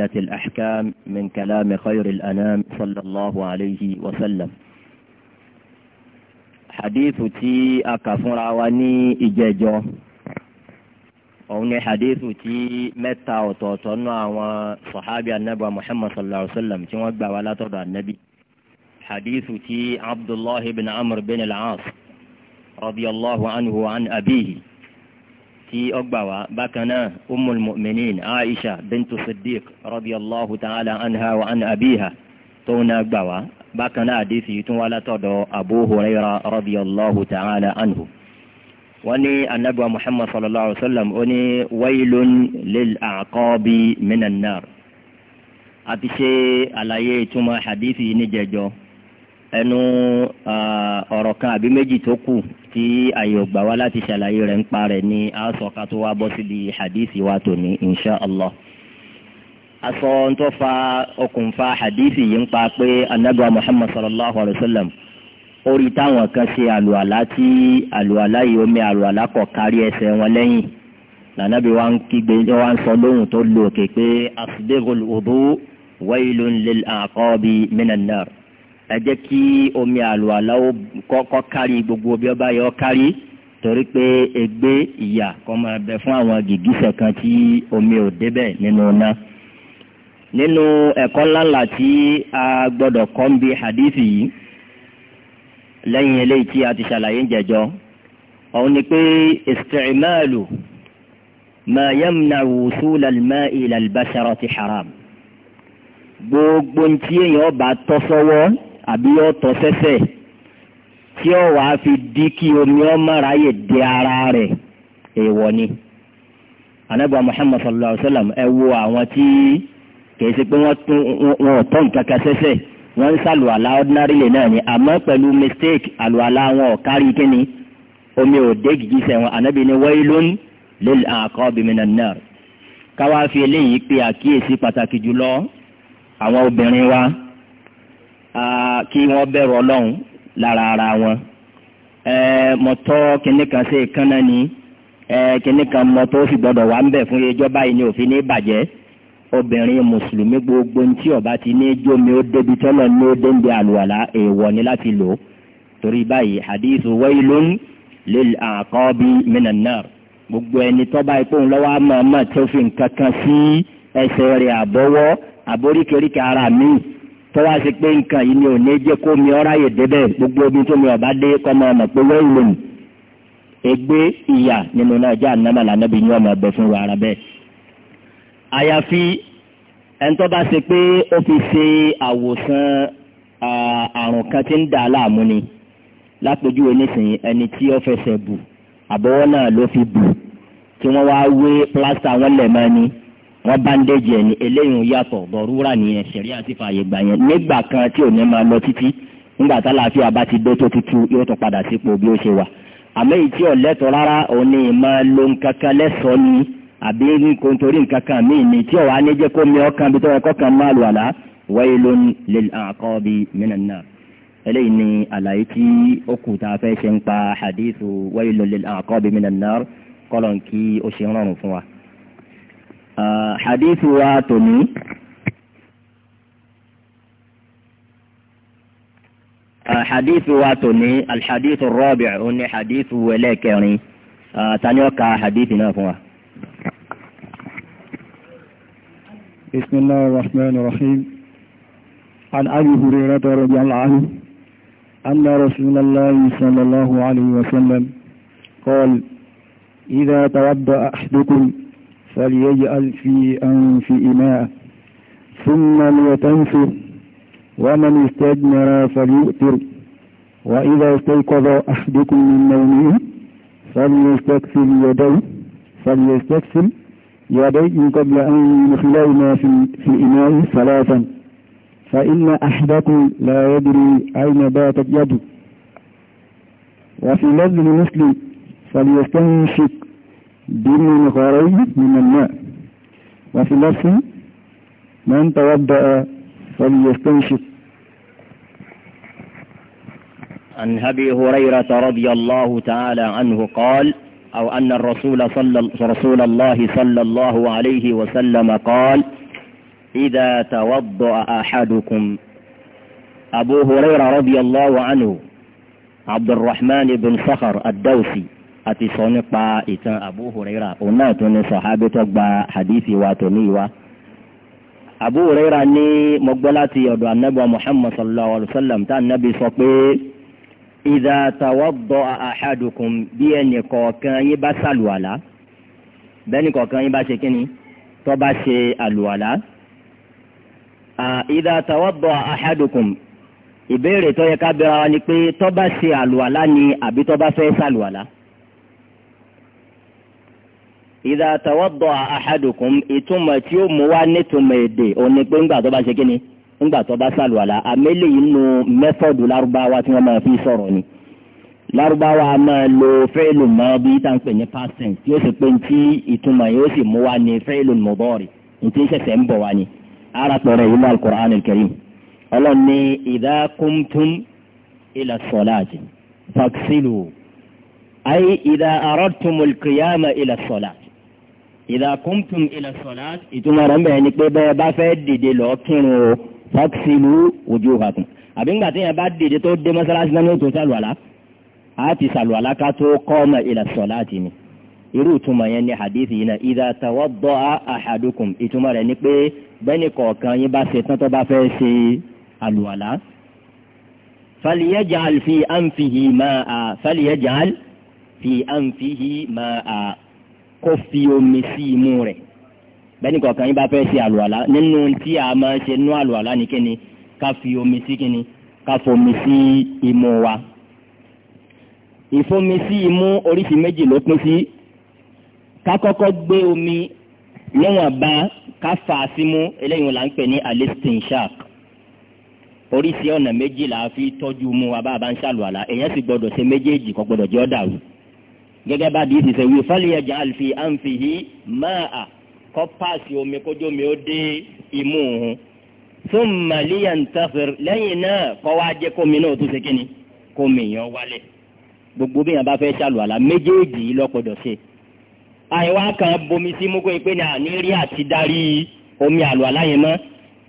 عدة الأحكام من كلام خير الأنام صلى الله عليه وسلم حديث تي أكفر عواني إجاجو òun ni hadithu tí mẹ́ta ọ̀tọ̀ọ̀tọ̀ nú àwọn sọ̀hábì anabi muhammad sallallahu alayhi wa sallam tí wọ́n gbà wá látọ̀dọ̀ anabi hadithu tí abdullahi bin amr bin al-as radiyallahu anhu an abihi tí ó gbà wá bákan náà ummul mu'minin aisha bintu siddiq radiyallahu ta'ala anha wa an abiha tó ń gbà wá bákan náà àdéhùn yìí tún wá látọ̀dọ̀ abu huraira radiyallahu ta'ala anhu wọ́n ní anabiwa muhammad sallallahu alaihi wa sallam ó ní waylun lil aqabi minan nar àti ṣe àlàyé ìtumọ̀ hadithi yìí níjẹjọ ẹnu ah, ọ̀rọ̀ kan àbí méjì tó kù tí àyọ̀gbà wa láti ṣàlàyé rẹ̀ ń pa rẹ̀ ní aṣọ ká tó wá bọ́ síbi hadisi wa tòní insha allah aṣọ tó fa okùnfà hadisi yìí ń pa pé anagba muhammad sallallahu alayhi wa sallam orí táwọn kan ṣe àlùalá tí àlùalá yìí omi àlùalá kò kárí ẹsẹ̀ wọn lẹ́yìn lànàbí wa ń kígbe wa ń sọ lóhùn tó lò képe asbigul wudu waylun lil aqabi minan nar ẹ jẹ́ kí omi àlùwàlá kọ́kọ́ kárí gbogbo bí ọba yọ kárí torí pé ègbé ìyà kọ́ máa bẹ fún àwọn gìgísẹ̀ kan tí omi ò débẹ̀ nínú iná. nínú ẹ̀kọ́ ńláńlá tí a gbọ́dọ̀ kọ́ ń bi hadithi yìí lẹ́yìn eléyìí tí a ti ṣàlàyé jẹjọ́ òun ni pé isti'malu ma yamna wusul al-ma'i ila al-basharati haram gbogbo ntí èèyàn bá tọ́ sọ́wọ́. So àbí ọ̀tọ̀ sẹ́sẹ̀ tí ó wàá fi dí kí omi ọmọ ráyè di ara rẹ̀ èèwọ̀ ni anagba muhammad sallallahu alaihi wa sallam ẹ wo àwọn tí kìí ṣe pé wọ́n tún wọn ò tọ́ nǹkan kan sẹ́sẹ̀ wọ́n ń ṣàlùwàlá ordinary lè náà ni àmọ́ pẹ̀lú mistake àlùwàlá wọn ò kárí kíni omi ò dé gìgísẹ̀ wọn ànábì ni waylun lil a'qabi minan nar káwá fi eléyìí pé àkíyèsí pàtàkì jùlọ àwọn obìnrin wa kí wọ́n bẹ̀rù ọlọ́run lára ara wọn mọ̀tọ́ kìnnì kan ṣe kánná ni kìnnì kan mọ̀tọ́ ó sì gbọ́dọ̀ wà ń bẹ̀ fún ẹjọ́ báyìí ni òfin ní bàjẹ́ obìnrin mùsùlùmí gbogbo tí ọba ti ní jómi ó débi tọ́lọ̀ ní ó débi àlùwàlá èèwọ̀ ni láti lò torí báyìí hadithu wailun lil aqabi minan nar gbogbo ẹni tọ́ba ipò ńlọ́wọ́ àmọ́ àmọ́ tó fi nǹkan kan sí ẹsẹ̀ rẹ̀ àbọ̀wọ́ àbóríkèríkè ara míì tọ́wá ṣe pé nǹkan yìí ni ò ní jẹ́ kó mi ọ́ráyè débẹ̀ gbogbo omi tó mi ọ̀bá dé kọ́ mọ́ ọmọ pé wẹ́ẹ̀ lòun ègbé ìyà nínú náà jẹ́ ànámà lànàbí ní ọmọ ẹ̀bẹ̀ fún ara bẹ́ẹ̀. àyàfi ẹni tó bá ṣe pé ó fi ṣe àwòsàn àrùn kan tí ń dà láàmú ni lápèjúwe nísìnyí ẹni tí ó fẹsẹ̀ bù àbọ̀wọ́ náà ló fi bù tí wọ́n wá wé plásta wọn lẹ̀ mọ́ ni wọ́n báńdéjì ẹ̀ ní eléyìí yàtọ̀ dọ̀rúrà nìyẹn ṣẹ̀rí àti fààyè gbà yẹn nígbà kan tí ò ní máa lọ títí nígbà tálàáfíà bá ti dé tó tútù yóò tún padà sípò bí ó ṣe wà àmọ́ èyí tí ọ̀lẹ́tọ̀ rárá òun ni ìmọ̀ lo nǹkan kan lẹ́sọ̀ọ́ ni àbí nǹkan torí nǹkan kan míì ni tí ọ̀wá ní jẹ́ kó mi ọkàn bí tó yẹ kọ́ kan máa lò àlá wailun lil a'qabi minan nar eléyìí ni àlàyé tí ó kù tá a fẹ́ ṣe ń pa hadithu wailun lil a'qabi minan nar kọ́lọ̀ kí ó ṣe آه، حديث واتني آه، حديث واتني الحديث الرابع هني حديث ولكني آه، تنوكا حديث نافوا بسم الله الرحمن الرحيم عن أبي هريرة رضي الله عنه أن رسول الله صلى الله عليه وسلم قال إذا توضأ أحدكم فليجعل في أنف إماء ثم ليتنفر ومن استجمر فليؤتر وإذا استيقظ أحدكم من نومه فليستكثر يديه فليستكثر يديه قبل أن يخلينا في, في إنائه ثلاثا فإن أحدكم لا يدري أين باتت يده وفي لذ مسلم فليستنشق بإن نقارين من الماء وفي اللفظ من توضأ فليستنشف عن أبي هريرة رضي الله تعالى عنه قال أو أن الرسول صلى رسول الله صلى الله عليه وسلم قال إذا توضأ أحدكم أبو هريرة رضي الله عنه عبد الرحمن بن صخر الدوسي àti sọ nípa ìtàn Abu Huraira òun náà tún ní sọ̀hábí tó gba hadithi wa tòní wa. Abu Huraira ní mo gbọ́ láti ọ̀dọ̀ anábọ̀ Muhammad sallallahu alayhi wa sallam tá anábì sọ pé idha tawadda ahadukum bí ẹnì kọ̀ọ̀kan yín bá sàlùwàlá bẹ́ẹ̀ni kọ̀ọ̀kan yín bá ṣe kíni tó bá ṣe àlùwàlá. idha tawadda ahadukum ìbéèrè tó yẹ ká bẹ̀rẹ̀ wa ni pé tó bá ṣe àlùwàlá ni àbí tó bá fẹ́ sàlùwàlá ìdá àtàwọ́dọ̀ àhádùkùn ìtumọ̀ tí ó mú wá nítumọ̀ èdè òní pé ńgbà tó bá ṣe kíni ńgbà tó bá sàlùwàlà àmẹ́lẹ̀ yìí nu mẹ́fọ́dù lárúbáwá tí wọ́n máa fi sọ̀rọ̀ ni lárúbáwá máa lo fẹ́ẹ̀lù mọ́ bí tá à ń pè ní past tense tí ó sì pé tí ìtumọ̀ yóò sì mú wá ní fẹ́ẹ̀lù mọ̀bọ́ọ̀rì ntí ṣẹ̀ṣẹ̀ ń bọ̀ wá ìdàkùntùn ilẹ̀ sọ̀lá ìtumọ̀ rẹ̀ mẹ́rin ni pé bẹ́ẹ̀ bá fẹ́ dìde lọ kírun o fọ́ksìlú ojú òkàkùn àbí ńgbà tí yẹn bá dìde tó dé mọ́sálásí náà ní òtún sàlùwàlá a ti sàlùwàlá ká tó kọ́ ọmọ ilẹ̀ sọ̀lá ti ni irú ìtumọ̀ yẹn ni hadith yìí náà ìdá tàwọ́ bọ́ àhàdùkùn ìtumọ̀ rẹ̀ ni pé bẹ́ẹ̀ni kọ̀ọ̀kan yín bá ṣe tán tó bá fẹ́ ṣe àlùwàlá fàlìyẹ́jàl fi àǹfìhì máa à fàlìyẹ́jàl fi àǹfìhì máa à kó fi omi sí imú rẹ̀ bẹ́ẹ̀ ni kọ̀ọ̀kan yín bá fẹ́ ṣe àlùwàlá nínú tí a máa ṣe nú àlùwàlá ní kíni ká fi omi sí kíni ká fomi sí imú wa. ìfomi sí imú oríṣi méjì ló pín sí ká kọ́kọ́ gbé omi níwọ̀nba ká fà á símú eléyìí là ń pè ní alistinshak oríṣi ọ̀nà méjì là á fi tọ́jú mu wa bá a bá ń ṣàlùwàlá èèyàn sì gbọ́dọ̀ ṣe méjèèjì kò gbọ́dọ̀ jẹ́ ọ̀dàrú gẹ́gẹ́ bá di ìsìsẹ́ wí fọ́lìyàjà àlùfì àǹfìhì máa kọ́ páàsì omi kójú omi ó dé imú òun fún màlíyà ń tafẹ̀rẹ̀ lẹ́yìn náà kọ́ wá jẹ́ kómi náà tó ṣe kíni kómi yẹn wálẹ̀ gbogbo bí yẹn bá fẹ́ ṣàlù àlà méjèèjì yìí lọ́kọ̀dọ̀ ṣe àìwá kan bomi sí mú kó ipe ní àníírí àti darí omi àlù àlà yẹn mọ́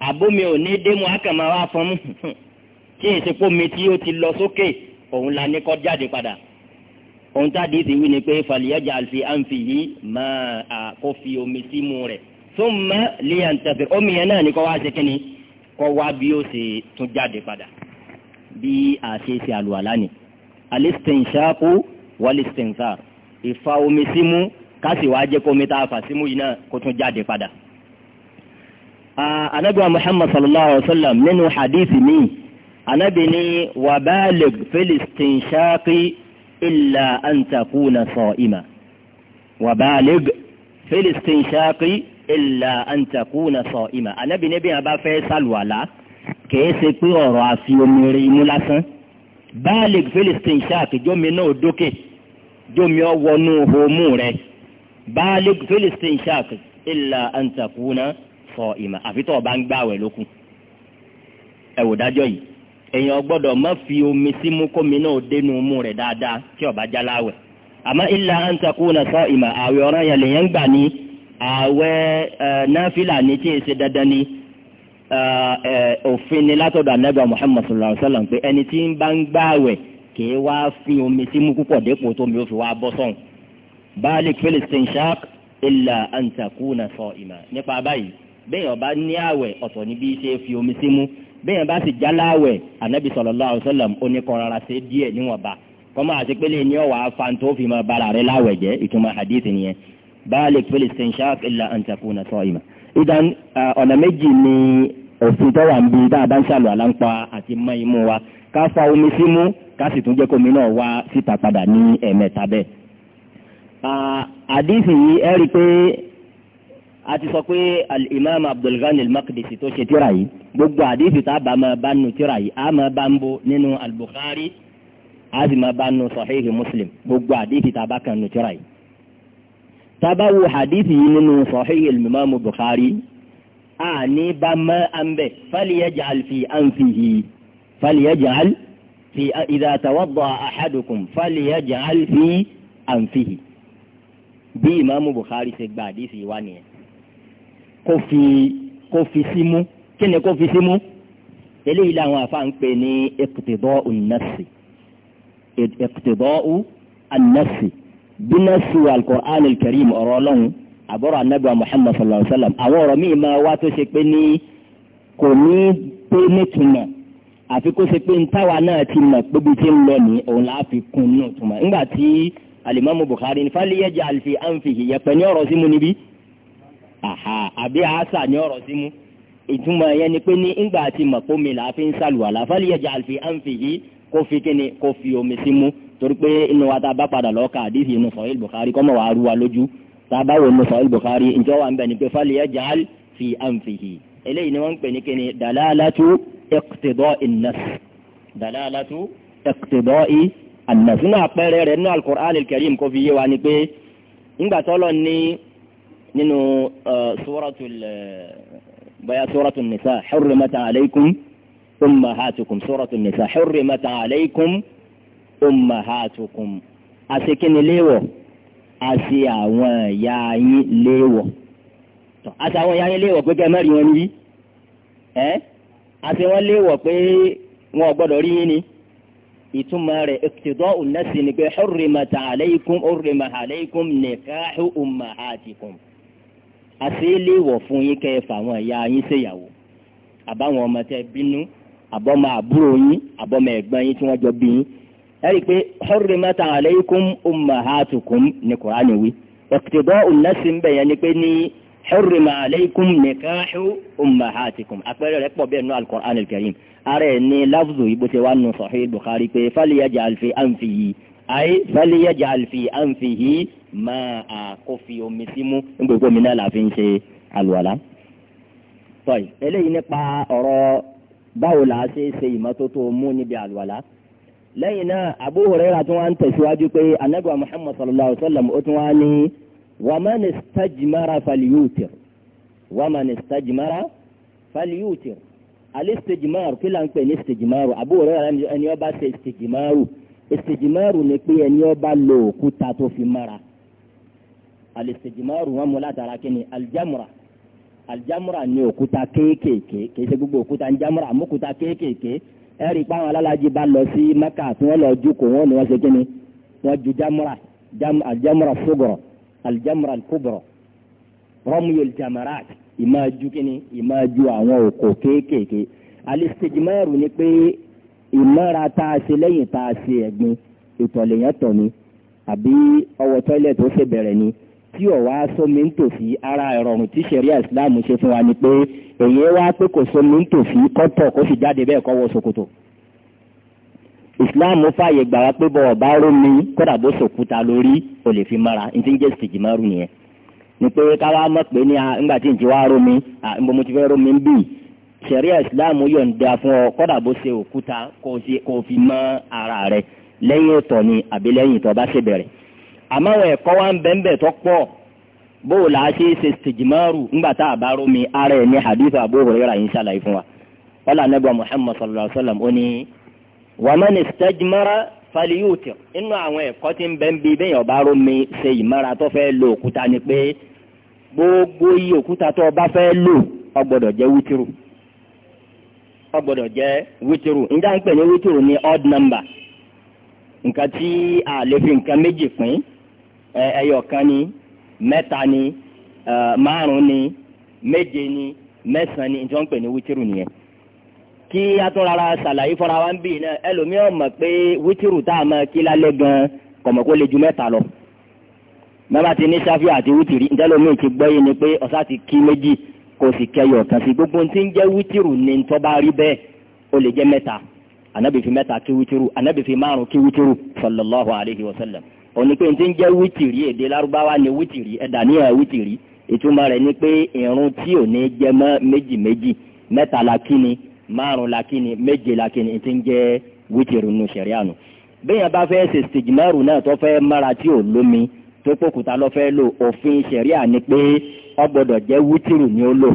àbómi ò ní dé mu àkàmọ́ wa fọ́n mú tí èsì pómi tí ó ti lọ sókè òun la ní kọ́ jáde padà ohun tá a di ti wí ni pé fàlìyàjà àfi àǹfì yìí máa à kó fi omi sí mu rẹ̀ tó mọ léyàn tẹ̀fẹ̀ omi yẹn náà ni kọ́ wá ṣe kínni kọ́ wá bí ó ṣe tún jáde padà bí a ṣe ṣe àlùwàlá ni alistinshaku walistinthar ìfa omi sí mu kásì wá jẹ́ kómi tá a fà sí mu yìí náà kó tún jáde padà. anabiwa muhammad sallallahu alaihi wa sallam nínú hadith mi anabi ni filistin filistinshaki. إلا أن تكون صائما وبالغ في الاستنشاق إلا أن تكون صائما أنا بنبي أبا فيصل ولا كيسي قرر في أمري ملاسا بالغ في الاستنشاق جمي نو دوكي جمي ونو هموري بالغ في الاستنشاق إلا أن تكون صائما أفتو بانك باوي لكم أو داجوي èèyàn gbọ́dọ̀ ma fi omi símú kómi náà dénú mú dáadáa tí ọba jáláwẹ̀ àmọ́ ilà ń na sọ ìmọ̀ àwẹ̀ ọrọ yẹn lèyàn gbà ní àwẹ̀ náfìlà ní tí èsì dandan ni òfin ni látọ̀dọ̀ anábìà Muhammad sallallahu alayhi wa sallam pé ẹni tí ń bá ń kì í wá fi omi púpọ̀ dépò ó fi wá na sọ nípa báyìí bẹ́ẹ̀ ọba ní níbi ṣe bẹ́ẹ̀ bá sì jáláwẹ̀ ànábì sallallahu alaihi wasallam ó ní kọ́ rárá ṣe díẹ̀ níwọ̀nba kọ́mọ àti pélé ni ọ̀wà afáǹtó fi máa bára rẹ láwẹ̀ jẹ́ ìtumọ̀ hadith nìyẹn balik fil istinshaq illa an takuna sa'ima. idan ọ̀nà méjì ni òfin tó wà ń bi dáadáa ń ṣàlù àlámpa àti mọ́ imú wa ká fa omi símú ká sì tún jẹ́ kómi náà wá síta padà ní ẹ̀ẹ̀mẹ́ta bẹ́ẹ̀. àdìsí yìí ẹ rí i pé a ti sọ pé al-imam abdulghani al-maqdisi tó ṣe tíra yìí gbogbo àdìsí tá a bá máa bá nu tíra yìí a máa bá ń bo nínú al-bukhari a sì máa bá nu sahihi muslim gbogbo àdìsí tá a bá kan nu tíra yìí. tábàwò àdìsí yìí nínú sahihi al-imam a ní bá mọ́ an bẹ̀ falyaj'al fi anfihi falyaj'al fi idha tawadda'a ahadukum falyaj'al fi anfihi bí imaamu bukhari ṣe gba àdìsí wa nìyẹn kó fi kó fi símú kí ni kó fi símú eléyìí làwọn afa ń pè ní iqtida'u an-nafsi iqtida'u an-nafsi bí nafsi wa al-Qur'an al-Karim ọ̀rọ̀ ọlọ́run àbọ̀rọ̀ anagba Muhammad sallallahu alayhi wa sallam àwọn ọ̀rọ̀ míì máa wá tó ṣe pé ní kò ní pé nítumọ̀ àfi kó ṣe pé ntáwa náà ti mọ̀ pé bí ti ń lọ ní òun là á fi kún nù tuma ńgbà tí alimami Bukhari ní fàlíyẹ́jà àlùfẹ́ àǹfìhì yẹpẹ ní ọ̀rọ̀ símú níbí àbí àásà ní ọ̀rọ̀ sí mú ìtumọ̀ yẹn ni pé ní ńgbà tí mọ̀pómi là á fi ń sàlùwàlà falyaj'al fi anfihi kó fi kíni kó fi omi sí mú torí pé inú wa tá a bá padà lọ́ọ́ ka àdìsí inú Sahih Bukhari kọ́mọ̀ wàá rú wa lójú tá a bá wo inú Sahih Bukhari ǹjọ́ wa ń bẹ̀ ni pé falyaj'al fi anfihi eléyìí ni wọ́n ń pè ní kíni dalalatu iqtida'i an nínú suratul bóyá suratul nisa hurrimat alaykum ummahatukum suratul nisa hurrimat alaykum ummahatukum àṣekínni léwọ̀ àṣe àwọn ìyá yín léwọ̀ tọ́ àṣe àwọn ìyá yín léwọ̀ pé kẹ́ mẹ́rin wọn yí ẹ́ àṣe wọn léwọ̀ pé wọn ò gbọ́dọ̀ rí yín ni ìtumọ̀ rẹ̀ iqtida'u an-nas ni pé hurrimat alaykum hurrimat alaykum nikahu ummahatikum àti ilé ìwọ̀ fún yín kẹ́ ẹ fà wọn ìyá yín ṣèyàwó àbáwọn ọmọ tẹ bínú àbọ̀mọ àbúrò yín àbọ̀mọ ẹ̀gbọ́n yín tí wọ́n jọ bí yín ẹ rí i pé hurrimat alaykum ummahatukum ní kùránì wí iqtida an ń bẹ̀ yẹn ni pé ní hurrima alaykum nikahu ummahatikum àpẹẹrẹ rẹ̀ pọ̀ bẹ́ẹ̀ nú al-Qur'an ní lafzu yìí bó ṣe wà nù Sahih Bukhari pé falyaj'al fi anfihi ayé fẹ́lẹ́yẹjà àlùfì àǹfìhì máa kó fi omi símú nígbà gbogbo omi náà la fi ń ṣe àlùwàlá. tọ́yì eléyìí nípa ọ̀rọ̀ báwo la ṣe ṣe ìmọ́tótó mú níbi àlùwàlá. lẹ́yìn náà Abu Hurairah tí wọ́n ń tẹ̀síwájú pé anagba Muhammad sallallahu alayhi wa sallam ó tún wá ní wàmán istajmara falyutir wàmán istajmara falyutir alistijmaru kí là ń pè ní istijmaru Abu Hurairah ẹni ọba ṣe istijmaru ìsèjìmọ́rù ni pé ẹni ọba lo òkúta tó fi mọ́ra àlìsèjìmọ́rù wọn mú látara kí ni aljamura aljamura ni òkúta kéékèèké kì í ṣe gbogbo òkúta ń jamura àmókúta kéékèèké ẹ rí i pé àwọn alálàájì bá lọ sí mẹ́kà tí wọ́n lọ jókòó wọn ni wọ́n ṣe kí ni wọ́n ju jamura aljamura sugura aljamura kubura rọ́mùyọ̀l jamarat ìmáa ju kí ni ìmáa ju àwọn òkò kéékèèké àlìsèjìmọ́rù ni pé ìmọ́ra tá a ṣe lẹ́yìn tá a ṣe ẹ̀gbin ìtọ̀lẹ̀ yẹn tọ̀ ni àbí ọwọ́ tọ́ílẹ̀tì ó ṣe bẹ̀rẹ̀ ni tí ọ̀wá sómi nítòsí ara ìrọ̀rùn tí sẹ̀ríà ìsìláàmù ṣe fún wa ni pé èyí wá pé kò sómi nítòsí kọ́tọ̀ kó sì jáde bẹ́ẹ̀ kọ́ wọ ṣòkòtò ìsìláàmù fààyè gbà wá pé bọ̀ ọ̀bá rómi kódà bó ṣòkúta lórí ò lè fi mára ní ti ń jẹ́ sìgì márùn-ún yẹn ni pé ká mọ̀ pé ní nígbà tí ǹjẹ́ wá rómi à ti fẹ́ rómi ń bì sẹ̀ríà ìsìláàmù yọ̀ǹda fún ọ kọ́dà bó ṣe òkúta kó fi mọ́ ara rẹ lẹ́yìn ìtọ̀ ni àbí lẹ́yìn ìtọ̀ bá ṣe bẹ̀rẹ̀ àmọ́ àwọn ẹ̀kọ́ wa ń bẹ́ńbẹ̀ tó pọ̀ bó o là á ṣe é ṣe tìjìmọ́rù ńgbà tá a ara ẹ̀ ní hadith Abu Hurairah yìí ṣàlàyé fún wa wàlá anábìá Muhammad sallallahu alayhi wa sallam ó ní wa man istajmara falyutir inú àwọn ẹ̀kọ́ tí ń bẹ́ ń bi bẹ́ẹ̀ ọba rómi ṣe ìmọ́ra tó fẹ́ lo òkúta ni pé gbogbo iye òkúta tó o fẹ́ lò ó jẹ́ wútírù ó gbọ́dọ̀ jẹ́ wítìrù níta ń pè ní wítìrù ní odd number nǹkan tí a lè fi nǹkan méjì pín ẹyọ kan ni mẹ́ta ni márùn ni méje ni mẹ́sàn ni níta ń pè ní wítìrù nìyẹn kí atúnrara ṣàlàyé fọra wa ń bì náà ẹlòmíràn mọ̀ pé wítìrù tá a máa kí lálẹ́ gan kọ̀mọ̀ kó ju mẹ́ta lọ bàbá ti ní sáfì àti wítìrì níta ti gbọ́ yìí ni pé ọ̀sá ti kí méjì kó o sì kẹyọ̀ kan sí gbogbo tí ń jẹ́ wítìrù ní ń tọ́ba rí bẹ́ẹ̀ ó lè jẹ́ mẹ́ta anabi mẹ́ta kí wítìrù anabi márùn kí wítìrù sallallahu alayhi wa sallam òní pé tí ń jẹ́ wítìrì èdè lárúbáwá ni wítìrì ẹ̀dà níyà wítìrì ìtumọ̀ rẹ̀ ni pé ìrun tí ò ní jẹ́ mọ́ méjì méjì mẹ́ta la kíni márùn la kíni méje la kíni tí ń jẹ́ wítìrì nù sẹ̀ríànù bẹ́ẹ̀ bá fẹ́ ṣe stigmaru náà tó fẹ́ mára tí ò lómi tó pòkúta lọ́fẹ́ lò òfin sẹ̀ríà ni pé ó gbọ́dọ̀ jẹ́ wítìrì ni ó lò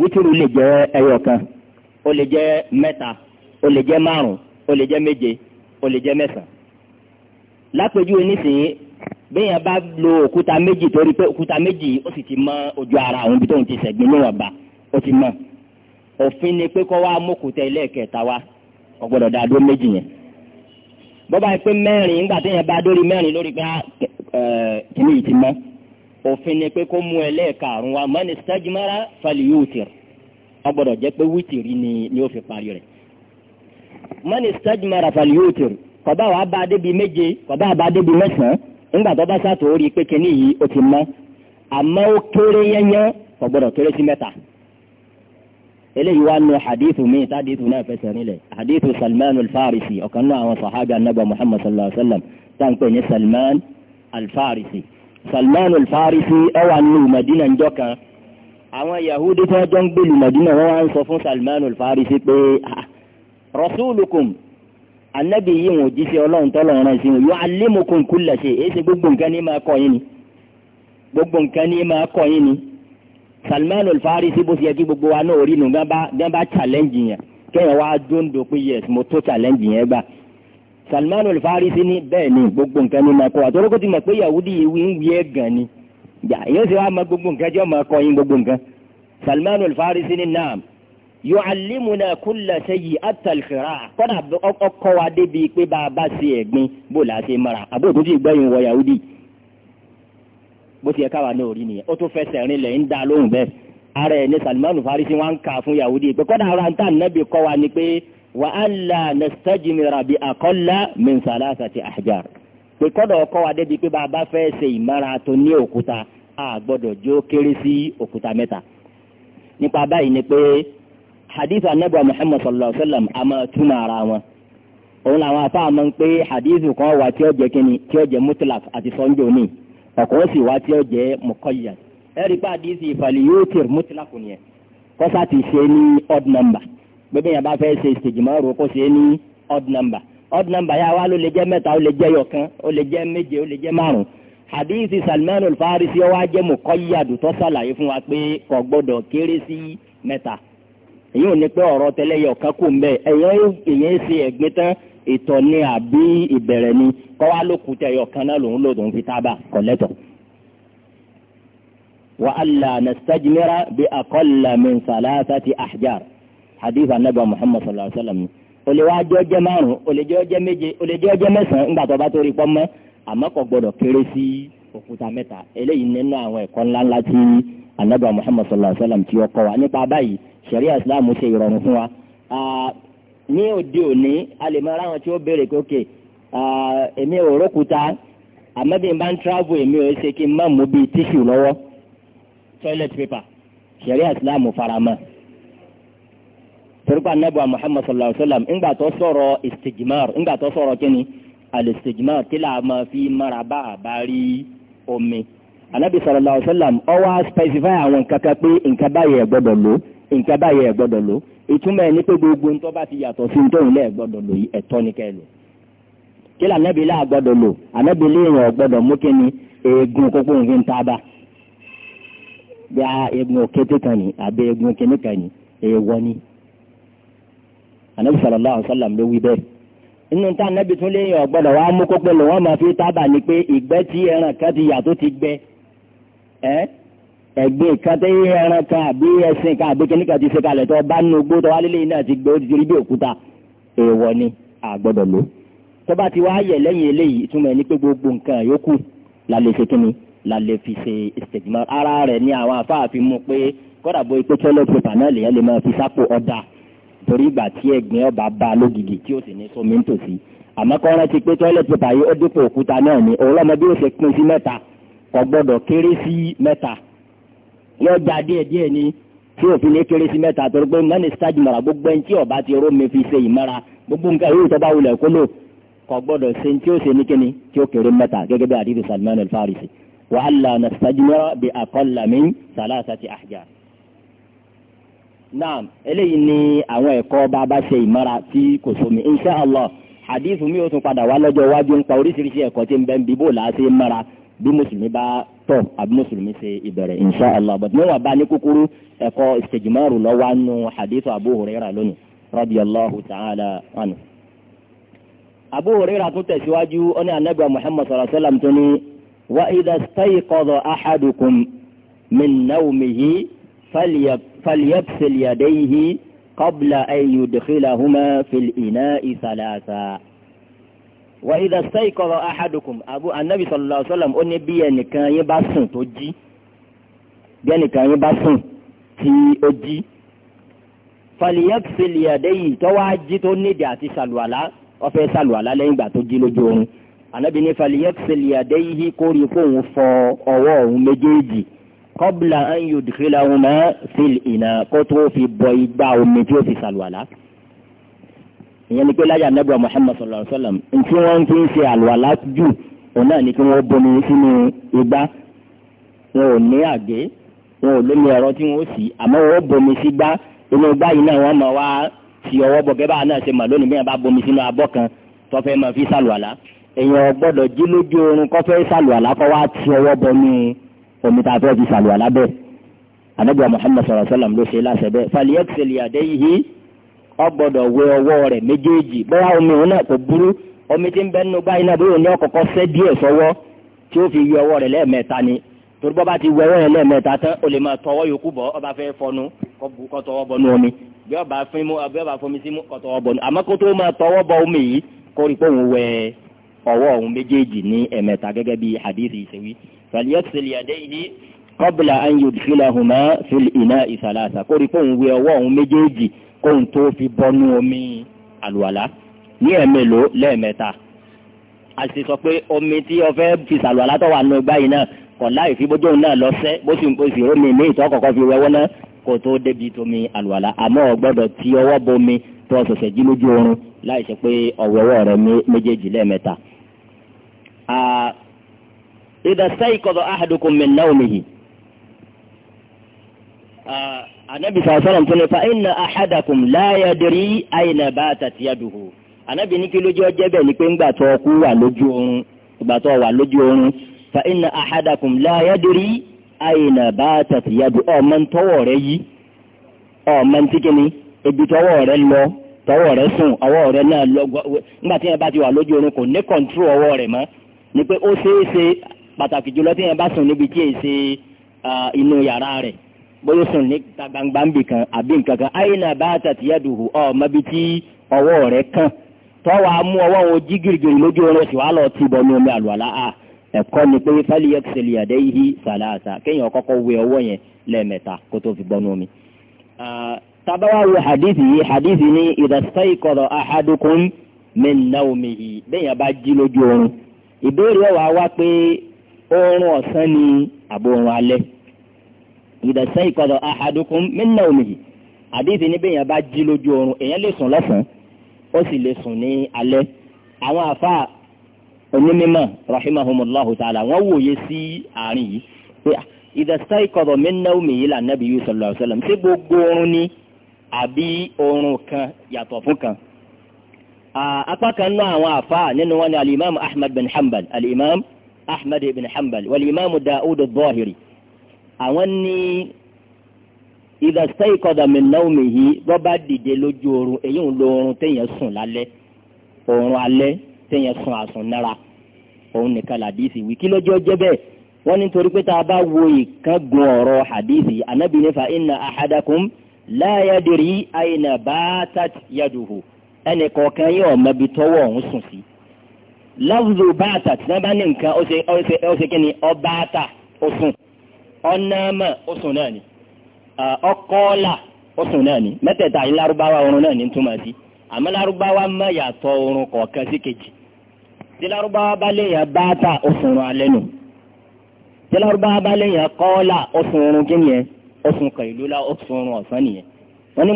wítìrì lè jẹ́ ẹyọ kan ó lè jẹ́ mẹ́ta ó lè jẹ́ márùn ó lè jẹ́ méje ó lè jẹ́ mẹ́sàn. lápèjúwe nísìnyí bẹ́ẹ̀yàn bá lo òkúta méjì torí pé òkúta méjì ó sì ti mọ ojú ara àwọn ibi tó ń ti sẹ̀gbìn níwọ̀nba ó ti mọ̀ òfin ni pé kọ́ wa mókùtà ilé ẹ̀kẹta wa ó gbọ́dọ̀ dúró méjì yẹn bọ́ba pé mẹ́rin nígbà téèyàn bá dórí mẹ́rin lórí pé kìnìún yìí ti mọ́ òfin ni pé kó mú ẹ lẹ́ẹ̀karùn wa mọ́ni sẹ́jìmọ́ra fàlìyóòtìr ọgbọ́dọ̀ jẹ́ pé wítìrì ni ni ó fi parí rẹ̀ mọ́ni sẹ́jìmọ́ra fàlìyóòtìr kọ̀bá wàá bá débi méje kọ̀bá bá débi mẹ́sàn-án nígbà tó bá sàtò ó rí i pé kinní yìí ó ti mọ́ àmọ́ ó kéré yẹ́nyẹ́ kò gbọ́dọ̀ kéré sí mẹ́ta eléyìí wá nu hadithu mi tá hadithu náà fẹsẹ̀ nílẹ̀ hadithu salman alfarisi ọ̀kan náà àwọn sàhábà nàbà muhammad sallallahu alayhi wa sallam tá à ń pè ní salman alfarisi. Salman al-Farisi ọwà nínú Madina njọ kan àwọn Yahudi tí wọn jọ ń gbèlú Madina wọn wá ń sọ fún Salman al-Farisi pé ah, rasulukum anabi yìí wọn ò jíṣẹ́ Ọlọ́run tọlọ ọ̀ràn sí wọn yu'allimukum kulla shay èyí ṣe gbogbo nǹkan ní máa kọ́ yín ni gbogbo nǹkan ní máa kọ́ yín ni Salman farisi bó ṣe yẹ kí gbogbo wa náà rí nu gán bá challenge yẹn kẹ́yìn wá dúndùn pé yes mo tó challenge yẹn gbà. Salman al-Farisi ní bẹ́ẹ̀ ni gbogbo nǹkan ní ma kọ́ wa torókó ti mọ̀ pé Yahudi ewu ń wí ẹ́ gan ni yóò sì wá ma gbogbo nǹkan jẹ́ ọmọ akọ yín gbogbo nǹkan Salman al-Farisi ní naam yu'allimuna kulla sayyi'at al-qira'a kọ́dà ọkọ wa débi pé bá a bá ṣe ẹ̀gbin bó la ṣe mara àbó òtútù ìgbẹ́yìn wọ Yahudi bó ti yẹ káwa náà rí nìyẹn ó tún fẹsẹ̀ rin lẹ̀ ń da lóhùn bẹ́ẹ̀ ara ẹ̀ ní Salman al wọn kà fún Yahudi pé kọ́dà ara ń tà nẹ́bi kọ́ wa ni pé wa alla nastajmira bi aqalla min salasati ahjar pé kọ́dọ̀ ọkọ wa débi pé bàbá fẹ́ ṣe ìmára tó ní òkúta a gbọ́dọ̀ jó kéré sí òkúta mẹ́ta nípa báyìí ni pé hadith anabi muhammad sallallahu alaihi wa sallam a máa túmọ̀ ara wọn òun làwọn afáà máa ń pé hadith kan wà tí ó jẹ́ kíni tí ó jẹ́ mutlaq àti sọ́njọ́ ní ọ̀kan sì wá tí ó jẹ́ muqayyad ẹ̀rí pé hadith ìfàlì yóò tẹ̀ mutlaq nìyẹn kọ́sà ti ṣe ní odd number gbogbo yẹn bá fẹ́ ṣe ìṣèjìmọ́rò kó ṣe é ní odd number odd number yà wá ló lè jẹ́ mẹ́ta ó lè jẹ́ yọ̀kan ó lè jẹ́ méje ó lè jẹ́ márùn hadithi Salman farisi ó wá jẹ́ mọ̀kọ́yàdù tó fún wa pé kò gbọ́dọ̀ kéré sí mẹ́ta èyí ò ní pé ọ̀rọ̀ tẹ́lẹ̀ yọ̀kan kò ń bẹ̀ èyàn ṣe ẹ̀gbin tán ìtọ̀ ni àbí ìbẹ̀rẹ̀ ni kọ́ wá ló kùtẹ̀ yọ̀kan náà lòun lòdùn fi tábà kọ̀lẹ́tọ̀ wa alla nastajmira bi aqalla min salasati ahjar hadith anabi muhammad sallallahu alaihi wa sallam O lè wá jẹ́ ọjẹ́ márùn-ún ó lè jẹ́ ọjẹ́ méje ó lè jẹ́ ọjẹ́ mẹ́sàn-án ńgbà tó bá tó rí pọ́ mọ́ àmọ́ kò gbọ́dọ̀ kéré sí òkúta mẹ́ta eléyìí nínú àwọn ẹ̀kọ́ ńláńlá tí anabi muhammad sallallahu alaihi wa sallam ti ọkọ wa nípa báyìí sẹ̀ríà islam ṣe ìrọ̀rùn fún wa ní òde òní a lè máa ráwọn tí ó béèrè pé òkè èmi ò rókúta àmọ́ bí n bá ń travel èmi ò ṣe kí n má mú bíi tíṣù lọ́wọ́ toilet paper sẹ̀ríà islam faramọ́ torípa anabuwa muhammad sallallahu alaihi wa sallam ńgbà tó sọ̀rọ̀ istijmar ńgbà tó sọ̀rọ̀ kini alistijmar kí la máa fi mara bá a bá rí omi anabi sallallahu alayhi wa sallam ó wá specify àwọn nǹkan kan pé nǹkan báyìí ẹ gbọ́dọ̀ lò nǹkan báyìí ẹ gbọ́dọ̀ lò ìtumọ̀ ẹ̀ ní pé gbogbo ń bá ti yàtọ̀ sí tóun lẹ́ẹ̀ gbọ́dọ̀ lò yìí ẹ̀tọ́ ni kẹ́ ẹ lò kí la anabi láà gbọ́dọ̀ lò anabi léèyàn gbọ́dọ̀ mú kíni eegun kókó nǹkan tá a bá bí a eegun òkété kan ni àbí eegun kíní kan ni èèwọ̀ ni. anabi sallallahu alaihi wasallam ló wí bẹ́ẹ̀ inú tá anabi tún léyìn ọgbọdọ wa mú kó pẹ̀lú wọn máa fi tábà ní pé ìgbẹ́ tí ẹran kan ti yà tó ti gbẹ ẹ ẹgbẹ́ kan tí ẹran kan àbí ẹsìn kan àbí kíníkan ti ṣe kalẹ̀ tó bá nínú gbó tó wá lélẹyìn náà ti gbẹ ó ti rí bí òkúta èèwọ̀ ni àgbọ́dọ̀ lò tó bá ti wá yẹ lẹ́yìn eléyìí ìtumọ̀ ẹni pé gbogbo nǹkan yòókù la lè ṣe kíni la lè fi ṣe ìṣèjìmọ ara rẹ̀ ní àwọn afáàfin mú pé kọ́dà bo ipò tọ́lọ́pù panẹ́ẹ̀lì yẹn lè máa fi sápò ọ̀dà torí ìgbà tí ẹ̀gbìn ọba bá lógìgì tí ó sì ní sómi nítòsí àmọ́ kọ́ rántí pé toilet paper yìí ó dípò òkúta náà ni òun lọ́mọ bí ó ṣe pín sí mẹ́ta kò gbọ́dọ̀ kéré sí mẹ́ta yóò já díẹ̀ díẹ̀ ni tí òfin ní kéré sí mẹ́ta torí pé mẹ́ni sáájú mọ́ra gbogbo ẹni tí ọba ti rómi fi ṣe ìmọ́ra gbogbo nǹkan yóò tọ́ bá wulẹ̀ kó lò kò gbọ́dọ̀ ṣe tí ó ṣe ní kíni tí ó kéré mẹ́ta gẹ́gẹ́ bí àdìsí Salman al-Farisi wàhálà nàṣàjùmọ́ra bí àkọ́làmí sàlásàtì àhjà naam eléyìí ni àwọn ẹ̀kọ́ bá a bá ṣe ìmọ́ra tí kò sómi insha allah hadithu mi ò tún padà wá lọ́jọ́ iwájú nípa oríṣiríṣi ẹ̀kọ́ tí ń bẹ ń bí bò láti mọ́ra bí mùsùlùmí bá tọ̀ àbí mùsùlùmí ṣe ìbẹ̀rẹ̀ insha allah but níwọ̀n bá ní kúkúrú ẹ̀kọ́ ìṣèjìmọ́rù lọ́wọ́ nù hadithu abu huraira lónìí radiyallahu ta'ala anhu. abu huraira tún tẹ̀síwájú ó anagba muhammad sallallahu alayhi wa sallam فليبسل يديه قبل أن يدخلهما في الإناء ثلاثا وإذا استيقظ أحدكم أبو النبي صلى الله عليه وسلم ó ní bí ẹnìkan yín bá sùn tó jí bí ẹnìkan yín bá sùn tí ó jí فليغسل يديه tó wá jí tó nídìí àti ṣàlùwàlá ó fẹ́ ṣàlùwàlá lẹ́yìn ìgbà tó jí lójú oorun Ànábì ní فليغسل يديه kórìí kóun fọ ọwọ́ òun méjèèjì kọ́bùlà ń yóò dìkìlà ọ̀nà fíl ìnà kó tó fi bọ igbá omi tí ó fi sàlùwàlà. ìyẹn ni pé láyà nẹ́bùrọ̀ Muhammad sallallahu alayhi wa sallam ntí wọ́n ti ń ṣe àlùwàlà jù òun náà ni kí wọ́n bomi sínú igbá wọn ò ní àgé wọn ò lómi ẹ̀rọ tí wọ́n sì àmọ́ wọ́n bomi sí gbá inú gbá yìí náà wọ́n máa wá fi ọwọ́ bọ̀ gẹ́gẹ́ bá náà ṣe mà lónìí bá bomi sínú abọ́ kan tó fẹ́ máa fi sàlùwàlà èèyàn gbọ́dọ̀ jí lójú oorun kó fẹ́ sàlùwàlà wá ti ọwọ́ bọ̀ ní omi tá a fẹ́ fi sàlùwà lábẹ́ anabiwa muhammad sallallahu alaihi wa sallam ló ṣe láṣẹ bẹ́ẹ̀ falyaghsil yadayhi ó gbọ́dọ̀ wẹ ọwọ́ rẹ̀ méjèèjì bóyá omi òun náà kò burú omi tí ń bẹ nínú báyìí náà bóyá òun ní ọkọ̀kọ́ sẹ́ díẹ̀ sọ́wọ́ tí ó fi yọ ọwọ́ rẹ̀ lẹ́ẹ̀mẹ́ta ni torí bọ́ba ti wẹ ọwọ́ rẹ̀ lẹ́ẹ̀mẹ́ta tán o lè máa tọwọ́ yòókù bọ́ ọba fẹ́ fọnu kọ́ tọwọ́ bọnú omi bí ọba fún fàlíyẹ́sìlì àdéhìí kọ́bìlà anyud filahuma fil iná ìsàlàsà kó rí fóun wẹ ọwọ́ òun méjèèjì kóun tó fi bọ́nú omi àlùwàlá ní ẹ̀mẹ́lò lẹ́ẹ̀mẹ́ta a sì sọ pé omi tí o fẹ́ fi sàlùwàlá tó wà nù ìgbà yìí náà kọ̀ láì fi bójú òun náà lọ sẹ́ bó sì ń bó sì rómi ní ìtọ́ kọ̀ọ̀kan fi wẹ́wọ́ náà kó tó débi tómi àlùwàlá àmọ́ o gbọ́dọ̀ ọwọ́ bomi tó ṣẹ̀ṣẹ̀ jí lójú oorun láì ṣe pé ọ̀wọ́wọ́ rẹ méjèèjì lẹ́ẹ̀mẹ́ta Ida staiqadha ahadukum min nawmihi anabi saa tó ní fa inna ahadakum la yadri aina batat yaduhu anabi ní kí lójú ọjẹ́ bẹ́ẹ̀ ni pé ńgbà tó kú wa lójú oorun ìgbà tó wà lójú oorun fa inna ahadakum la yadri aina batat O ọmọ ntọ́wọ̀ rẹ yìí ọmọ ntíkìní ibi tọ́wọ́ rẹ lọ tọ́wọ́ rẹ sùn ọwọ́ rẹ náà lọ nígbà tí yẹn bá ti wà lójú oorun kò ní kọ̀ǹtró ọwọ́ rẹ mọ́ ni pé ó ṣeé ṣe pàtàkì jùlọ tí yẹn bá sùn níbi tí yẹn ṣe inú yàrá rẹ̀ bóyá sùn níta gbangba ń bì kan àbí nǹkan kan àyìnà bá tàtìyà dùhù ọ mọbi tí ọwọ́ rẹ̀ kàn tọ́wọ́ amú ọwọ́ wọn jí girigiri lójú oorun sì wá lọ ti bọ̀ ní omi àlùwàlá à ẹ̀kọ́ ni pé fálí ẹ̀kṣẹ̀lì àdé yìí sàlàsà kéèyàn kọ́kọ́ wẹ ọwọ́ yẹn lẹ́ẹ̀mẹ́ta kó tó fi bọ́ ní omi. tábàwá wo hadithi yìí hadithi ní ìdàsáìkọ̀rọ̀ ahadukum min nawmihi bẹ́ẹ̀ yẹn bá jí lójú oorun ìbéèrè wà wá pé oorun ọ̀sán ni àbò oorun alẹ́ ìdàsẹ́ ìkọ̀dọ̀ ahadukum min nawmihi àdéhìí níbẹ̀ yẹn bá jí lójú oorun èèyàn lè sùn lọ́sàn-án ó sì lè sùn ní alẹ́ àwọn àfáà onímọ̀ rahimahumullahu ta'ala wọ́n wòye sí àárín yìí pé ah, ìdàsẹ́ ìkọ̀dọ̀ min nawmihi là nàbí yìí sallallahu alaihi wasallam ṣé gbogbo oorun ni àbí oorun kan yàtọ̀ fún kan ah, apá kan náà àwọn àfáà nínú wọn ni alimami Ahmad bin Hanbal alimami ahmed ibn hanbal wal imaamu daoud al-zahiri àwọn ní idha stayqadha min nawmihi bọ́ bá dìde lójú oorun èyí ń lo oorun téèyàn sùn lálẹ́ oorun alẹ́ téèyàn sùn àsùn nára òun nìkan làdíìsì wí kí lójú ọjọ́ bẹ́ẹ̀ wọ́n ní torí pé tá a bá wo ìkángun ọ̀rọ̀ hadithi anabi nífa inna ahadakum la yadri ayna batat yaduhu ẹnì kọ̀ọ̀kan yóò mọbi tọ́wọ́ òun sùn sí láwùjọ báàtà tí wọ́n bá ní nǹkan ó ṣe kí ni ọbaàtà oṣùn ọ̀nàmà oṣùn náà ni ọkọ́ọ̀là oṣùn náà ni mẹ́tẹ̀ẹ̀ta yìí lárúbáwá oorun náà ní túmọ̀ sí àmọ́ lárúbáwá má yàtọ̀ oorun kọ̀ọ̀kan sí kejì tí lárúbáwá bá léèyàn báàtà oṣùn alẹ́ nù tí lárúbáwá bá léèyàn kọ́ọ̀là oṣùn oorun kí nìyẹn oṣùn kàìlúlá oṣùn oorun ọ̀sán nìyẹn wọ́n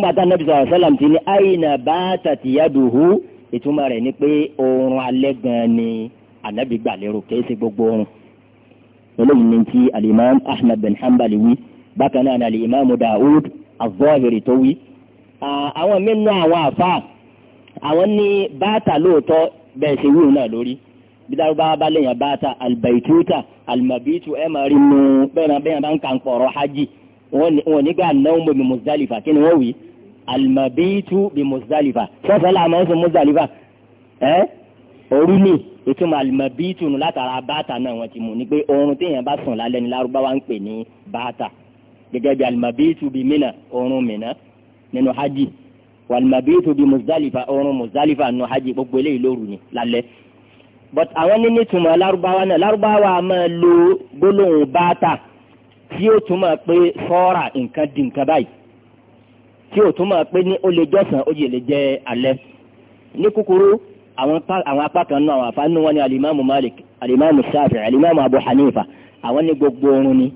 nígbà tá ìtumọ̀ rẹ̀ ni pé oorun alẹ́ gan ni ànábì gbà lérò kìí ṣe gbogbo oorun eléyìí ni ti alimam ahmed bin hanbal wí bákan náà ni alimam daoud az-Zahiri tó wí. àwọn mẹ́nu àwọn àfa àwọn ní báàtà lóòótọ́ bẹ́ẹ̀ ṣe wíwù náà lórí bídárúbá bá lẹ́yìn báàtà albaituta almabitu ẹ̀ bẹ́ẹ̀ náà bẹ́ẹ̀ náà bá ń kà ń pọ̀rọ̀ hajj wọn nígbà náà ń mi Muzdalifa kí ni wọ́n wí. Almabitu bi muzdalifa sọfẹ la àmọ́ sùn muzdalifa ẹ òru ni ìtumọ̀ alimabitu nù látara bàtà náà wọ́n ti mú ni pé oorun téèyàn bá sùn lálẹ́ ní lárúbáwá ń pè ní bàtà gẹ́gẹ́ bí alimabitu bi mina oorun mina nínú hajj Walmabitu bi muzdalifa oorun muzdalifa nínú hajj gbogbo eléyìí lóru ni lálẹ́ but àwọn níní ìtumọ̀ larubawa náà larubawa máa lo gbólóhùn bàtà tí ó túmọ̀ pé sọ́ra nǹkan di nǹkan báyìí tí ò tún máa pé ní ó lè jọ́sàn ó yè lè jẹ́ alẹ́ ní kúkúrú àwọn apá kan náà àwọn afánú wọn ni alimami Malik alimami Shafi'i alimami Abu Hanifa àwọn ní gbogbo oorun ni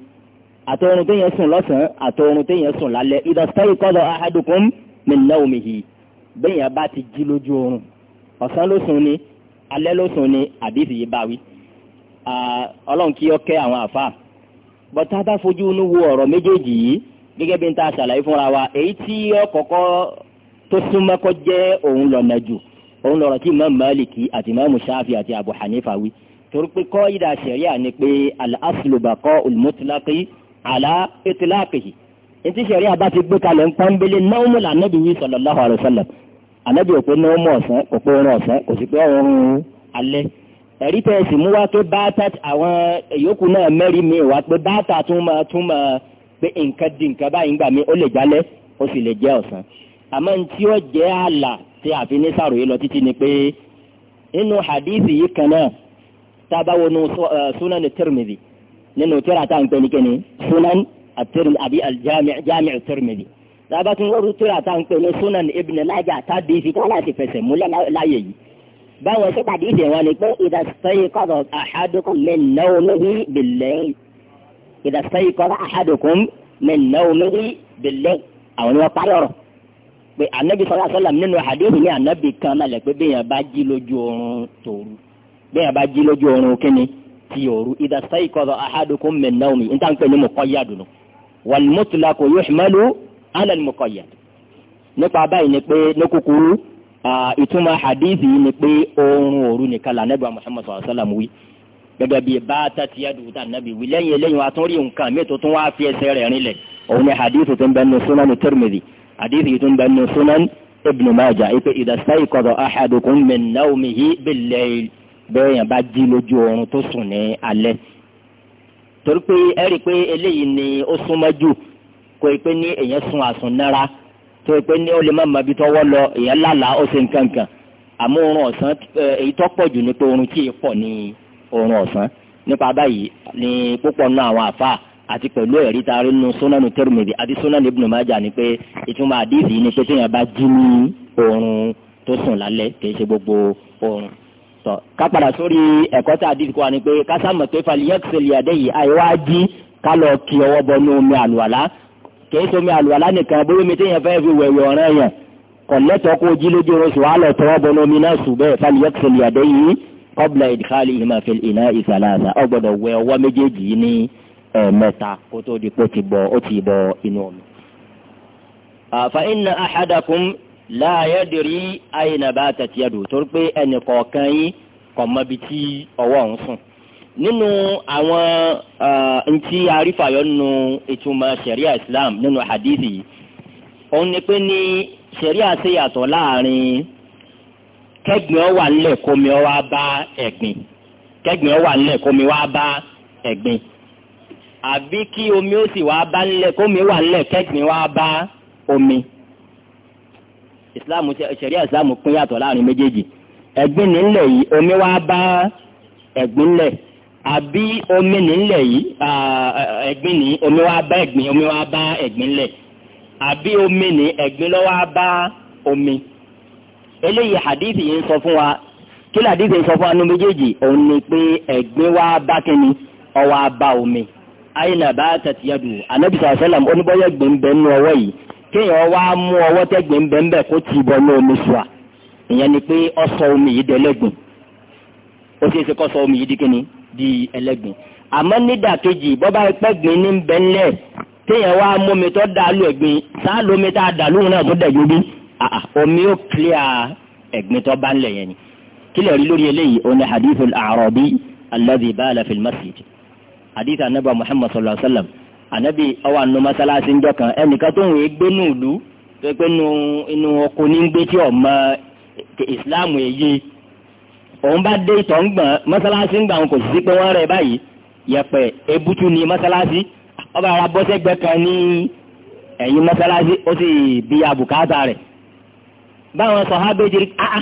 àtọ̀run tó yẹn sùn lọ́sàn-án àtọ̀run tó yẹn sùn lálẹ́ ìdọ̀sítẹ́yì kọ́dọ̀ ahadukum min nawmihi bẹ́ẹ̀ yẹn bá ti jí lójú oorun ọ̀sán ló sùn ni alẹ́ ló sùn ni àdìsí yìí báwí ọlọ́run kí ó kẹ́ àwọn àfa bọ́tá bá fojú inú wo ọ̀rọ̀ méjèèjì yìí gẹ́gẹ́ bí n ta ṣàlàyé fúnra wa èyí tí ọkọ̀ọ̀kọ́ tó súnmọ́ kó jẹ́ òun lọ́nà jù òun lọ́rọ̀ tí imam maliki àti imam shafi àti abu hanifa wí torí pé kọ́ ìdá ṣẹ̀ríà ni pé al-aslu baqa'ul mutlaqi ala itlaqihi etí ṣẹ̀ríà bá ti gbé kalẹ̀ ń pọ́nbélé náwó lànàbí wí sallallahu alaihi wasallam ànàbí òpé náwó ọ̀sán òpé oorun ọ̀sán kò sì pé oorun alẹ́ ẹ̀rí tẹ̀sí mú wá pé báátà àwọn yòókù náà mẹ́rin mi wá pé báátà tún máa pé nǹkan di nǹkan báyìí gbà mí ó lè jálẹ̀ ó sì lè jẹ́ ọ̀sán àmọ́ ní tí ó jẹ́ ààlà tí àfi ní sàròyé lọ títí ni pé nínú hadithi yìí kan náà tá a bá wọnú sunan tirmidhi nínú tíra tá à ń pè ní kíni sunan àbí aljamiu tirmidhi tá a bá tún wọ́n tíra tá à ń pè ní sunan ibn laja tá a di fi kọ́ láti fẹsẹ̀ múlẹ̀ láàyè yìí báwọn ṣe pàdé ìdè wọn ni pé idha istayqadha ahadukum min nawmihi bil-layl إذا استيقظ أحدكم من نومه بالليل أو نوم قرر النبي صلى الله عليه وسلم nínú hadith ni Ànábì kan malẹ̀ pé bí èèyàn bá jí lójú oorun tòru bí èèyàn bá jí lójú oorun kíni ti òru إذا استيقظ أحدكم من نومه níta ń pè ní muqayyad nù والمطلق يحمل على المقيد nípa báyìí ni pé ní kúkúrú ìtumọ̀ hadith yìí ni pé oorun òru nìkan lànà Ànábì Muhammad sallallahu alaihi wasallam wí gẹ́gẹ́ bíi báàtà tí yàdùn tá nàbí wí lẹ́yìn eléyìí wọn àtúnrí nǹkan mi tó tún wá fi ẹsẹ̀ rẹ̀ rinlẹ̀ òun ni hadithu tó ń bẹnu sunan tirmidhi hadithu tó ń bẹnu sunan ibn majah ipe ìdásítáyì kọ̀dọ̀ ahadukum min nawmihi bil-layl bẹ́ẹ̀ yẹn bá jí lójú oorun tó sùn ní alẹ́ torí pé ẹ rí i pé eléyìí ni ó súnmọ́ jù kó o pé ní èèyàn sun àsùn nára tó o pé ní ó lè má mọ ibi lọ èèyàn lálàá ó ṣe nǹkan kan àmọ́ oorun ọ̀sán èyí tó pọ̀ jù ní pé oorun tí ì pọ̀ ní oorun ọ̀sán nípa báyìí ni púpọ̀ nínú àwọn àfáà àti pẹ̀lú ẹ̀rí ta rí nínú súnánù Tirmidhi àti súnánù Ibn Majah ni pé ìtumọ̀ àdìsí ni pé téèyàn bá jí ní oorun tó sùn lálẹ́ kìí ṣe gbogbo oorun. tọ́ ká padà sórí ẹ̀kọ́ tí àdìsí kó wa ni pé kásámọ̀ pé falyaghsil yadayhi àìwájú ká lọ kí ọwọ́ bọ ní omi àlùwàlá kìí ṣe omi àlùwàlá nìkan bóyá omi téèyàn fẹ́ fi wẹ̀wẹ̀ ọ̀rẹ́ yẹn kọ̀lẹ́tọ̀ kó jí lójú oorun sùn wàá lọ tọwọ́ bọ ní omi náà sùn bẹ́ẹ̀ falyaghsil yadayhi kọ́bla idkhalihima fil ina'i thalatha ó gbọ́dọ̀ wẹ ọwọ́ méjèèjì ní ẹ̀ẹ̀mẹ́ta kó tó di kó ti bọ̀ ó ti bọ̀ inú omi. fa inna ahadakum la yadri ayna batat yadu torí pé ẹnì kọ̀ọ̀kan yín kò mọ ibi tí ọwọ́ òun sùn. nínú àwọn ntí arífàyọ́ nínú ìtumọ̀ sharia islam nínú hadithi òun ni pé ní sharia ṣe yàtọ̀ láàrin kẹ́gbìn ọ wà nílẹ̀ kómi ọ wá bá ẹ̀gbìn kẹ́gbìn ọ wà nílẹ̀ kómi wá bá ẹ̀gbìn àbí kí omi ó sì wá bá nílẹ̀ kómi wà nílẹ̀ kẹ́gbìn wá bá omi ìsìláàmù ṣẹ̀ríà ìsìláàmù pín yàtọ̀ láàrin méjèèjì ẹ̀gbìn nílẹ̀ yìí omi wá bá ẹ̀gbìn nílẹ̀ àbí omi nílẹ̀ yìí ẹ̀gbìn ní omi wá bá ẹ̀gbìn omi wá bá ẹ̀gbìn nílẹ̀ àbí omi ní ẹ̀gbìn ló wá bá omi eléyìí hadithi yìí ń sọ fún wa kí ni hadithi yìí ń sọ fún wa nínú méjèèjì òun ni pé ẹ̀gbin wa bá kíni ọwọ́ abá omi àyìnà bá tẹ̀síyàdù anabi sọ̀rọ̀ sẹ́lẹ̀m oníbọ̀yẹ̀ gbìn bẹ́ẹ̀ nú ọwọ́ yìí kéèyàn wá mú ọwọ́ tẹ́ gbìn bẹ́ẹ̀ bẹ́ẹ̀ kó tì bọ́ ní omi sùà ìyẹn ni pé ọ̀sọ̀ omi yìí dẹ́lẹ́gbìn ó ṣeé ṣe kọ́sọ̀ omi yìí di kíni di ẹlẹ́gbìn àmọ́ nídàkejì bọ́bá ẹgbẹ́ gbìn ní bẹ́ẹ̀ lẹ̀ kéèyàn wá mú Ah, ah, omi ó clear ẹ̀gbin tó bá ń lẹ̀ yẹn ni kí lè rí lórí eléyìí òun ni hadithul a'rabi alladhi bala fil masjid hadith anabi muhammad sallallahu alaihi wa sallam anabi ọwọ́ àánú masalasi ń jọ kan ẹnìkan tó ń wòye gbé ní ìlú tó pé inú ọkọ ní gbé tí ọmọ ìsìláàmù èyí òun bá dé ìtọ̀ ń gbọ̀n mọ́sálásí ń gbà wọn kò sí pé wọ́n rẹ̀ báyìí yẹ̀pẹ̀ ebutu ni mọ́sálásí ọba ara bọ́sẹ̀gbẹ́ kan ní ẹ̀yìn mọ́sálásí ó sì bí abùkátà rẹ̀ báwọn ha jẹ́rí ah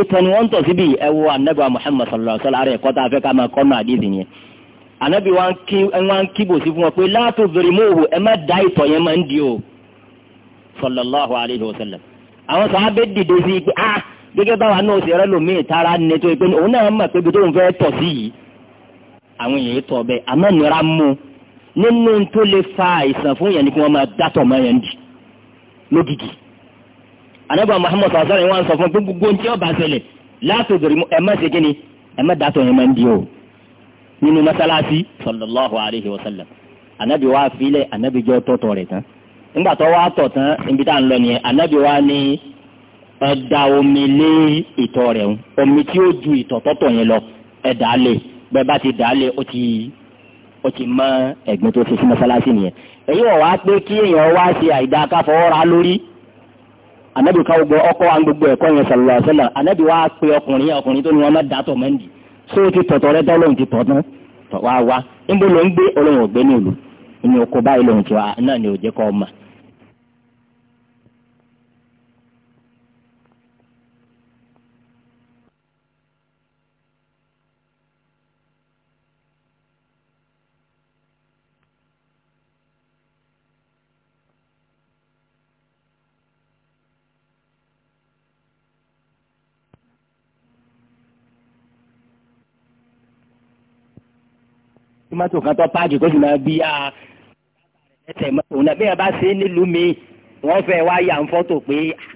ìtàn ni tọ̀ síbi ẹ̀wọ̀ anábìwá Muhammad sallallahu alaihi wasallam ẹ̀kọ́ tá a fẹ́ ká máa kọ́nà àdìsí yẹn wa ń kíbò sí fún wọn pé látò bèrè mọ́wò ẹ má o sallallahu alaihi wasallam àwọn sọ̀hábẹ́ dìde sí pé ah gẹ́gẹ́ báwa náà rẹ́ òun náà mọ̀ pé fẹ́ tọ̀ sí yìí àwọn èèyàn tọ̀ bẹ́ẹ̀ àmọ́ nira mú nínú tó lè fa àìsàn fún yẹn ni kí wọ́n máa dátọ̀ mọ́ yẹn anábà muhammad sọ̀rọ̀ yìí wọ́n sọ fún gbogbo ntí ọba ṣẹlẹ̀ látòdòrò ẹ̀ má ṣe kíni ẹ̀ má yẹn má ń di o nínú mọ́sálásí sallallahu alaihi wa sallam anábì wa filẹ̀ anábì jọ tọ̀tọ̀ rẹ̀ tán nígbà tó wá tọ̀ tán níbi tá à ń lọ nìyẹn anábì wa ní ẹ̀dà omi lé ìtọ̀ rẹ̀ ń omi tí ó ju ìtọ̀ tọ̀tọ̀ yẹn lọ ẹ̀dà lè bẹ́ẹ̀ bá ti dà lè ó ti ó ti mọ ẹ̀gbin tó ṣe sí mọ́sálásí nìyẹn èyí wọ̀ wá pé kí èèyàn wá ṣe àìdá káfọwọ́ra lórí anabi ká gbọ́ ọkọ wa gbogbo ẹ̀kọ́ yẹn sallallahu alaihi wasallam anabi wa pe ọkùnrin yẹn ọkùnrin tó ní wọn má dà tọ̀ mẹ́ndì so ti tọ̀tọ̀ rẹ tọ́ lóhùn ti tọ̀tún wá wá níbo ló ń gbé olóhùn ògbé ní ìlú ìní oko báyìí lóhùn ti wá náà ni òjẹ́ kọ́ ọ tí mọ́tò kan tó páàkì kó sì máa bí a ah, ẹsẹ̀ mọ́tò náà bí ẹ bá ṣe nílùú mi wọ́n fẹ́ wá yà ń fọ́tò pé ah,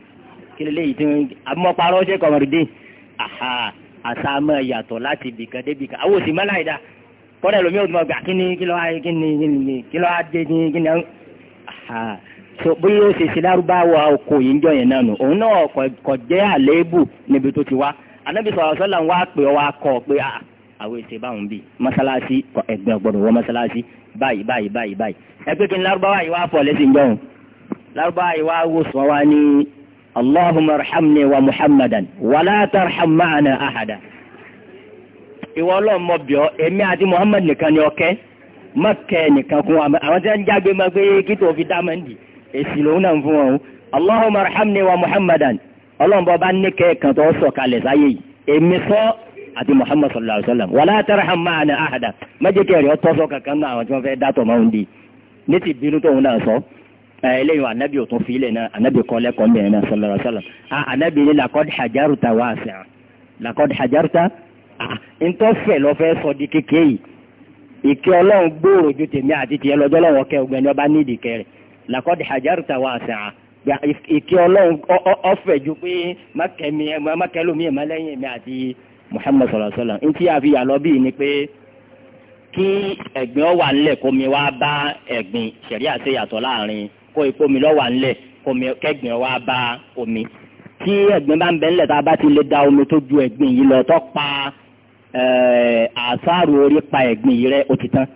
kí lè léyìí tí wọ́n amọ́parọ́ ṣe kọ̀mọ̀rìndín àṣà máa yàtọ̀ láti ibìkan débìkan àwọn òsì mọ́lá ìdá kọ́dà lómi òtún ọgbà kí ni kí ló wá kí ni kí ni kí ló wá dé kí ni kí ni so bóyá ó ṣe ṣe lárúbáwá oko yìí ń jọyìn náà nù òun náà kò jẹ́ àléébù níbi tó ti wá anábìsọ̀rọ̀ sọ́là ń wá pè ọ́ wá kọ́ pé ah, àwọn ètè báwọn bì mọ́sálásí ẹgbẹ́ ọgbọ́dọ̀ wọ mọ́sálásí báyìí báyìí báyìí báyìí ẹgbẹ́ kí ni lárúbáwá yìí wá fọ lẹ́sìn jọ̀hún lárúbáwá yìí wá wò sọ wá ní allahumma arhamni wa muhammadan wala tarham ma'ana ahada ìwọ ọlọ́run mọ bíọ́ èmi àti muhammad nìkan ni ọkẹ́ mọ́kẹ́ nìkan kún àwọn tí wọ́n jágbe máa gbé kí fi dá mọ́ndì èsì lòun náà fún wọn allahumma arhamni wa muhammadan ọlọ́run bọ́ bá níkẹ́ kan tó sọ̀kalẹ̀ sáyé yìí èmi sọ àti muhammad sallallahu alayhi wa sallam wàlá tarham ma'ana ahada májèké rẹ̀ tọ́sọ kankan náà àwọn tí wọ́n fẹ́ dátọ̀ máa ń di ní ti bínú tóun náà sọ eléyìí wa anabi òtún fílẹ̀ náà anabi kọ́lẹ́ kọ́ mẹ́rin náà sallallahu alayhi wa sallam ah anabi ni lakọ́d hajaruta wasi'a lakọ́d hajaruta ah ntọ́fẹ̀ lọ́fẹ́ sọ di kékeré yìí ìkẹ́ ọlọ́run gbòòrò ju tèmi àti tiẹ̀ lọ́jọ́ lọ́wọ́ kẹ ọgbẹ́ni ọba nídìí kẹrẹ̀ lakọ́d hajaruta wasi'a ìkẹ́ ọlọ́run ọ̀fẹ́ ju pé mákẹ́lómi ẹ̀ máa lẹ́yìn mi àti Muhammad sallallahu alaihi wasallam ntí àfihàn lọ bíi ni pé kí ẹ̀gbin ó wà ńlẹ̀ kómi wá bá ẹ̀gbin ṣẹ̀rí àṣẹ yàtọ̀ láàrin kó ìkómi ló wà ńlẹ̀ kẹ́gbin ó wá bá omi tí ẹ̀gbin bá ń bẹ ńlẹ̀ tá a bá ti lè da omi tó ju ẹ̀gbin yìí lọ tó pa eh, àṣàrò orí pa ẹ̀gbin yìí rẹ́ ó ti tán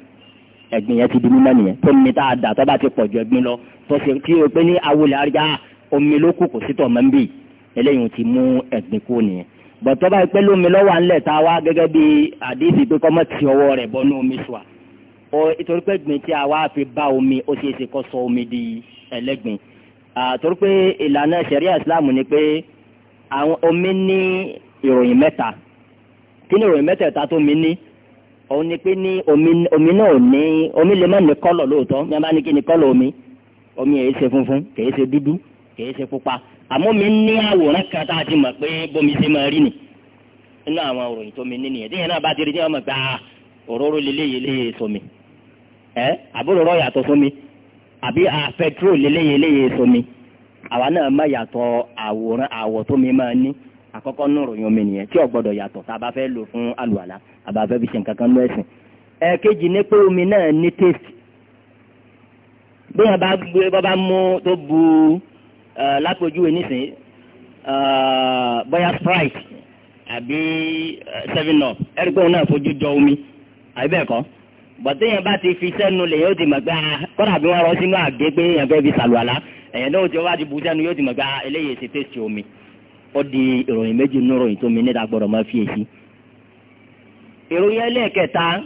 ẹ̀gbin yẹn ti di mímọ́ nìyẹn tó ní tá a dà tó bá ti pọ̀ ju ẹ̀gbin lọ tó ṣe tí o pé ní awolẹ̀ àríyá omi ló kù kò sí tọ̀ mọ́ ń eléyìí ti mú ẹ̀gbin kú nìyẹn bọ̀tọ́ báyìí pé lómi lọ́wọ́ ńlẹ̀ tá a wá gẹ́gẹ́ bí àdéhìí pé kọ́mọ́ ti ọwọ́ rẹ̀ bọ́nú omi sùn à ó ìtorí pé gbìn tí a wá fi bá omi ó ṣeé ṣe kọ́ sọ omi di ẹlẹ́gbìn àtorí pé ìlànà ṣẹ̀ríà Islam ni pé omi ní ìròyìn mẹ́ta kí ni ìròyìn mẹ́tẹ̀ẹ̀ta tó mi ní òun ni pé ní omi náà ní omi lè má ní kọ́lọ̀ lóòótọ́ ní a bá ní kí ni kọ́lọ̀ omi omi kìí ṣe funfun kìí ṣe dúdú kìí ṣe pupa àmọ́ mi ní àwòrán kan tá a ti mọ̀ pé bómi ṣe máa rí ni nínú àwọn òròyìn tó mi ní nìyẹn díẹ̀ náà bá ti rí díẹ̀ mọ̀ pé ah, òróró leléyìí léyìí sómi ẹ àbúrò rọ yàtọ̀ sómi àbí àpẹtrò ah, leléyìí léyìí sómi àwa náà má yàtọ̀ àwòrán àwọ̀ tó mi máa ní àkọ́kọ́ nù ròyìn omi nìyẹn tí ò yàtọ̀ tá a bá fẹ́ lò fún àlùwàlà àbá fi ṣe kan lẹ́sìn ẹ̀ẹ́kejì bá gbé bọ́ bá mú tó bu Eh, lápèjúwe nísìnyí eh, bóyá sprite àbí eh, seven up ẹ̀rígbọ́n náà fojú jọ omi àbí bẹ́ẹ̀ kọ́ bọ̀dé yẹn bá fi sẹ́nu lè yóò ti mọ̀ pé ah, kọ́dà bí wọ́n rọ sínú àgé pé èèyàn fẹ́ fi náà tí ti yóò ti mọ̀ ah, eléyìí ti tẹ̀sí omi ó di ìròyìn méjì nínú ìròyìn tó mi níta gbọ́dọ̀ fi èsì. ìròyìn ẹlẹ́ẹ̀kẹta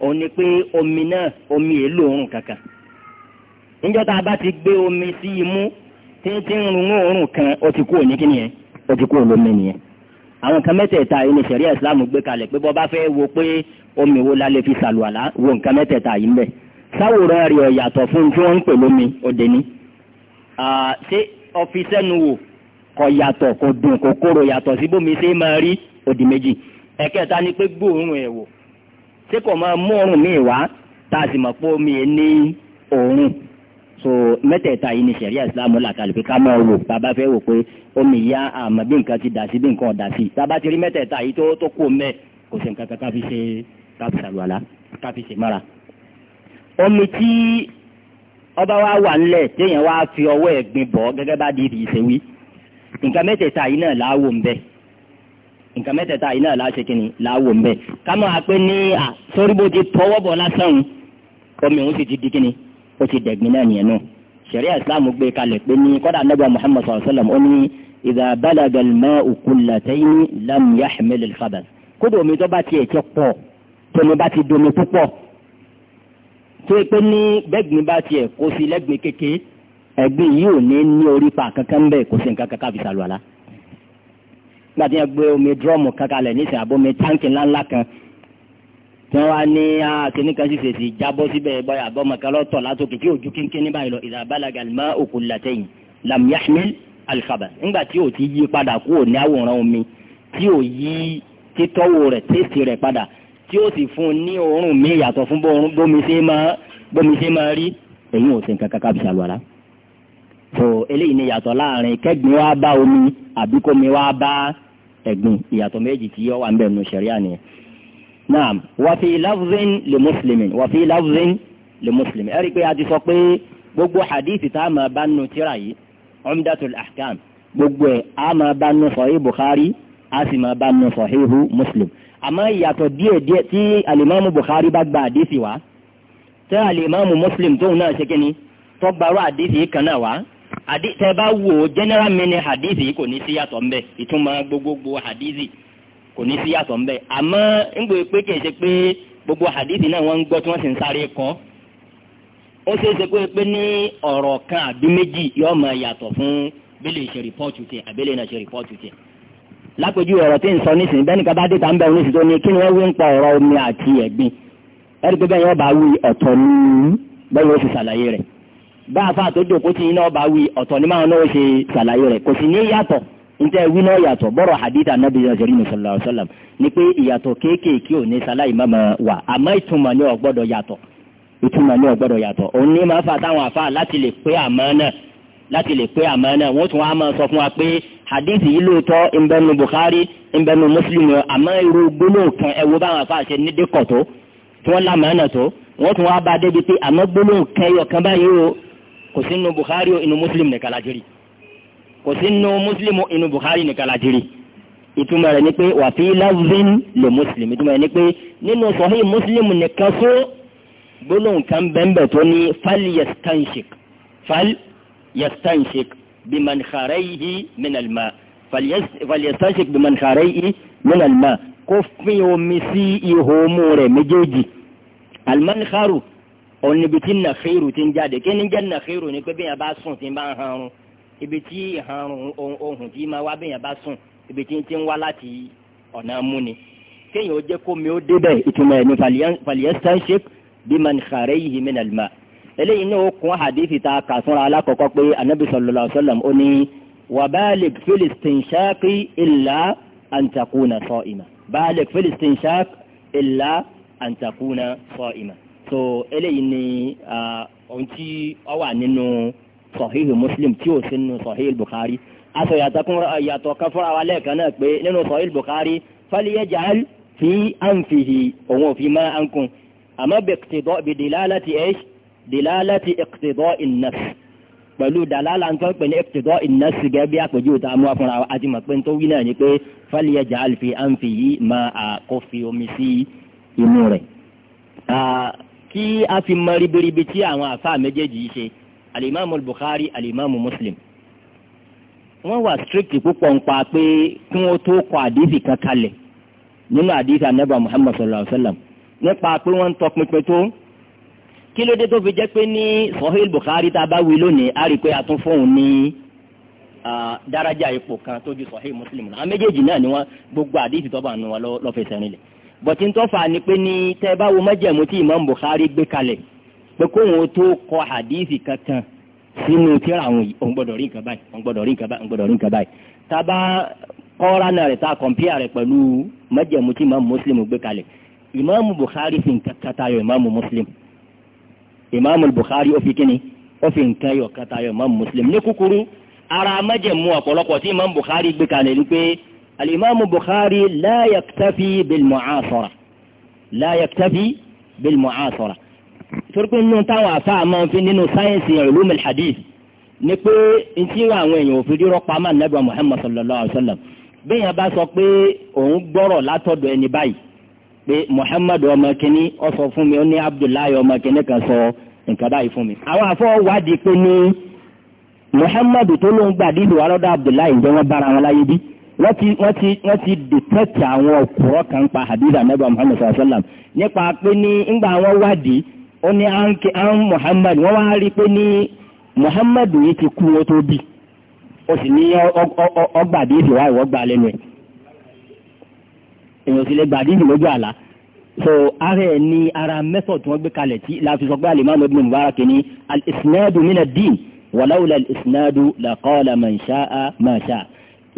òun ni omi náà omi èlò òórùn kankan gbé omi sí imú títí ń rún òórùn kan ó ti kúrò ní kíni yẹn ó ti kúrò lómi nìyẹn àwọn kan mẹ́tẹ̀ẹ̀ta yìí ni sẹ̀ríà islam gbé kalẹ̀ pé bọ́ bá fẹ́ wo pé omi wo la lè fi sàlùwàlá wo nǹkan mẹ́tẹ̀ẹ̀ta yìí ń bẹ̀ sáwòrán rẹ̀ ọ̀yàtọ̀ fún tí wọ́n ń pè lómi òde ní. ṣé ọ̀fíìsẹ́nu wò kò yàtọ̀ kò dùn kò kóró yàtọ̀ sí bómi ṣe máa rí òdì méjì ẹ̀kẹta ni pé gbóòórùn ẹ̀ wò ṣé so mẹ́tẹ̀ẹ̀ta yìí ni sẹ̀ríà islam là kalẹ̀ pé ká máa wò bàbá fẹ́ wò pé omi ya àmọ́ bí nǹkan ti dà sí bí nǹkan ọ̀dà sí bàbá ti rí mẹ́tẹ̀ẹ̀ta yìí tó tó kó mẹ́ kò sí nǹkan kan ká fi ṣe ká fi ṣàlùwàlá ká fi ṣe mára. omi tí ọba wa wà ńlẹ̀ téèyàn wá fi ọwọ́ ẹ̀ gbin bọ̀ gẹ́gẹ́ bá di ìṣe wí nǹkan mẹ́tẹ̀ẹ̀ta yìí náà láwò ń bẹ̀ nǹkan mẹ́tẹ̀ẹ̀ta yìí náà láṣẹ kìnnì láwò ń bẹ̀ ká máa ó ti dẹ̀gbin náà nìyẹn nù sẹ̀ríà islam gbé kalẹ̀ pé ní kọ́dà anábà muhammad sallallahu alayhi wa sallam ó ní ìdá balagal ma'u kullatayni lam yahmil al-khabath kódà omi tó bá tiẹ̀ tó pọ̀ tómi bá ti domi púpọ̀ tó pé ní bẹ́gbin bá tiẹ̀ kó sí lẹ́gbin kékeré ẹ̀gbin yìí ò ní ní orí pa kankan bẹ́ẹ̀ kó sí nǹkan kankan fi sàlùwàlá gbàtí gbé omi drọ́ọ̀mù kankan lẹ̀ nísìnyí àbomi táǹkì ńláńlá kan tí ni wá ní ah, kíní kan ṣiṣẹ́ sí jábọ́ síbẹ̀ bọ́yà àbọ̀mọ̀kan lọ́tọ̀ látòkè tí òjú kínkín ní báyìí lọ ìdàbálàgà má òkú làtẹ̀yìn lam yahmil alifaba ńgbà tí o ti yí padà kúrò ní àwòrán omi tí o yí títọ́wò rẹ̀ tẹ́sì rẹ̀ padà tí o sì fún un ní òórùn mi yàtọ̀ fún bómi ṣe máa bómi ṣe máa rí èyí ò sì ń kankan kábíyèsí àlùwàlá so eléyìí ni yàtọ̀ láàrin kẹ́gbin wá bá omi àbí kómi bá ẹ̀gbin ìyàtọ̀ méjì tí yọ wà ń bẹ̀ nù sẹ̀ríà nìyẹn naam wàfi lafzin li muslimin wàfi lafzin li muslimin ẹ̀rí pé a ti sọ pé gbogbo hadith tá a máa bá nù tíra yìí umdatul ahkam gbogbo ẹ̀ a máa bá nù sahih bukhari a sì máa bá nù sahih muslim àmọ́ ìyàtọ̀ díẹ̀ díẹ̀ tí alimami bukhari bá gba hadith wa tẹ́ alimami muslim tóun náà ṣe kíni tó gbarú hadith yìí kan náà wá tẹ́ bá wo general meaning hadith yìí kò ní síyàtọ̀ ń bẹ ìtumọ̀ gbogbogbò hadith yìí. kò ní sí yàtọ̀ ńbẹ àmọ́ ńgbò pé kì í ṣe pé gbogbo hadith náà wọ́n ń gbọ́ tí wọ́n sì ń sáré kọ́ ó ṣeé ṣe pé pé ní ọ̀rọ̀ kan àbí méjì yóò máa yàtọ̀ fún bẹ́lẹ̀ ṣe rìpọ́ọ̀tù tiẹ̀ náà ṣe rìpọ́ọ̀tù tiẹ̀ lápẹjù ọ̀rọ̀ tí ń nísìnyí bẹ́ẹ̀ ni kaba dé nísìnyí tó ní kí ni wọ́n wí ń pa ọ̀rọ̀ omi bẹ́ẹ̀ yẹn ọba bá a fà tó njẹ́ ìwí náà yàtọ̀ bọ́rọ̀ hadith anabi azari musalla sallam ni pé ìyàtọ̀ kéékèèké ò ní wa mọ́mọ́ wà àmọ́ ìtumọ̀ ní ọ̀gbọ́dọ̀ yàtọ̀ ìtumọ̀ ní ọ̀gbọ́dọ̀ yàtọ̀ òun ní máa fà táwọn àfa láti lè pé àmọ́ náà láti lè pé àmọ́ náà wọ́n tún wá máa sọ fún wa pé hadith yìí lóòótọ́ ìbẹnu Bukhari ìbẹnu Muslim àmọ́ irú gbólóhùn kan ẹ̀wọ́ báwọn àfa ṣe ní dẹ́kọ̀ tó tí wọ́n lámàá náà tó wọ́n tún wá bá débi pé àmọ́ gbólóhùn kẹyọ̀ kan báyìí o kò sí nínú Bukhari o inú Muslim nìkan lájẹ́rìí kò sí nínú mùsùlùmù inú Bukhari nìkan la jiri ìtumọ̀ rẹ̀ ni pé wà fi lafzin lè mùsùlùmù ìtumọ̀ rẹ̀ ni pé nínú sọ̀hí mùsùlùmù nìkan só gbólóhùn kan bẹ́ẹ̀ tó ní fal yastanshik fal yastanshik biman kharayhi min alma fal yastanshik biman kharayhi min kó fi omi sí ihò mú rẹ̀ méjèèjì almanharu òun níbi tí nàfẹ́rù ti ń jáde kí ni jẹ́ nàfẹ́rù ni pé bí yẹn bá sùn ti bá ń hanrun ibi tí ohun tí máa wá bẹ́yàn bá sùn ibi tí ti ń wá láti ọ̀nà mú ni kéèyàn ó jẹ́ kó mi ó débẹ̀ ìtumọ̀ ẹ̀ ní falyastanshik biman kharayhi min al-ma eléyìí náà ó kún hadithi ta kà fúnra alákọ̀ọ́kọ́ pé anabi sallallahu alayhi wa sallam ó ní wàbálẹ̀k fil istinshaqi illa an takuna sa'ima bálẹ̀k fil istinshaq illa an takuna sa'ima so eléyìí ni ah, ohun tí ó wà nínú sọ̀híhì muslim tí ò sí nínú sọ̀híhì bukhari aṣọ ìyàtọ̀ kan fúnra wa lẹ́ẹ̀kan náà pé nínú sọ̀híhì bukhari falyaj'al fi anfihi òun ò fi máa ń kun àmọ́ bi dilalati ẹ̀ dilalati iqtida' an-nafs pẹ̀lú dàlálà ń tán pè ní iqtida' an-nafs gẹ́gẹ́ bí àpèjúwe tá a mú wa fúnra wa àti mọ̀ pé tó wí náà ni pé falyaj'al fi anfihi máa kó fi omi sí inú rẹ̀ kí a fi mọ ribiribi tí àwọn àfa méjèèjì ṣe alimami Bukhari alimamu Muslim wọ́n wà strict púpọ̀ ń pa pé kí wọ́n tó kọ àdìsí kan kalẹ̀ nínú àdìsí anábà Muhammad sallallahu alayhi wa sallam nípa pé wọ́n ń tọpinpin tó kí ló dé tó fi jẹ́ pé ní Sahih Bukhari tá a bá wí lónìí a rí i pé a tún fóun ní daraja ipò kan tó ju Sahih Muslim lọ àwọn méjèèjì náà ni wọ́n gbogbo àdìsí tó bá nu wọn lọ́fẹ̀ẹ́ sẹ́rin lẹ̀ bọ̀tí ń tọ́fà ni pé ní tẹ́ bá wo májẹ̀mú tí Imam Bukhari gbé kalẹ̀ pé kóun ó tó kọ àdíìsì kankan sínú tíra àwọn yìí òun gbọ́dọ̀ rí nǹkan báyìí òun gbọ́dọ̀ rí nǹkan báyìí òun gbọ́dọ̀ rí nǹkan báyìí tábà kọ́ra náà rẹ̀ tá a kọ̀m̀pìà rẹ̀ pẹ̀lú májẹ̀mú tí ìmáàmù Muslim gbé kalẹ̀ ìmáàmù Bukhari fi nǹkan kan tayọ ìmáàmù Muslim ìmáàmù Bukhari ó fi kíni ó fi nǹkan yọ kan tayọ ìmáàmù Muslim ní kúkúrú ara májẹ̀mú ọ̀pọ̀lọpọ̀ tí ìmáàmù Bukhari gbé kalẹ̀ ni pé alimami Bukhari la yaktafi bil mu'asara la yaktafi bil mu'asara torí pé nínú táwọn àfa àmọ́ fi nínú sáyẹ́nsì ulumul hadith ni pé ntí àwọn èèyàn òfin rírọ́ pamọ́ ànábì Muhammad sallallahu alayhi wa sallam bẹ́ẹ̀ yẹn bá sọ pé òun gbọ́rọ̀ látọ̀dọ̀ ẹni báyìí pé Muhammad ọmọ kìíní sọ fún mi ó ní Abdullahi ọmọ kìíní kan sọ nǹkan báyìí fún mi. àwọn àfọ pé ní tó ló ń Abdullahi bára wọn láyé bí wọ́n ti wọ́n ti wọ́n ti detect àwọn pa sallallahu alayhi wa ó ní ànkì àn Muhammad wọ́n wá rí pé ní Muhammad yìí ti kú wọn tó bí ó sì ní ọgbà àdéhùn wá ìwọ́gbà lẹ́nu ẹ̀ èèyàn sì lè gbà àdéhùn lójú àlá so ara ẹ̀ ní ara method tí wọ́n gbé kalẹ̀ tí láti sọ pé alimami ibn Mubarak ní al-isnadu min ad-din wàláwùlà al-isnadu laqala man sha'a ma sha'a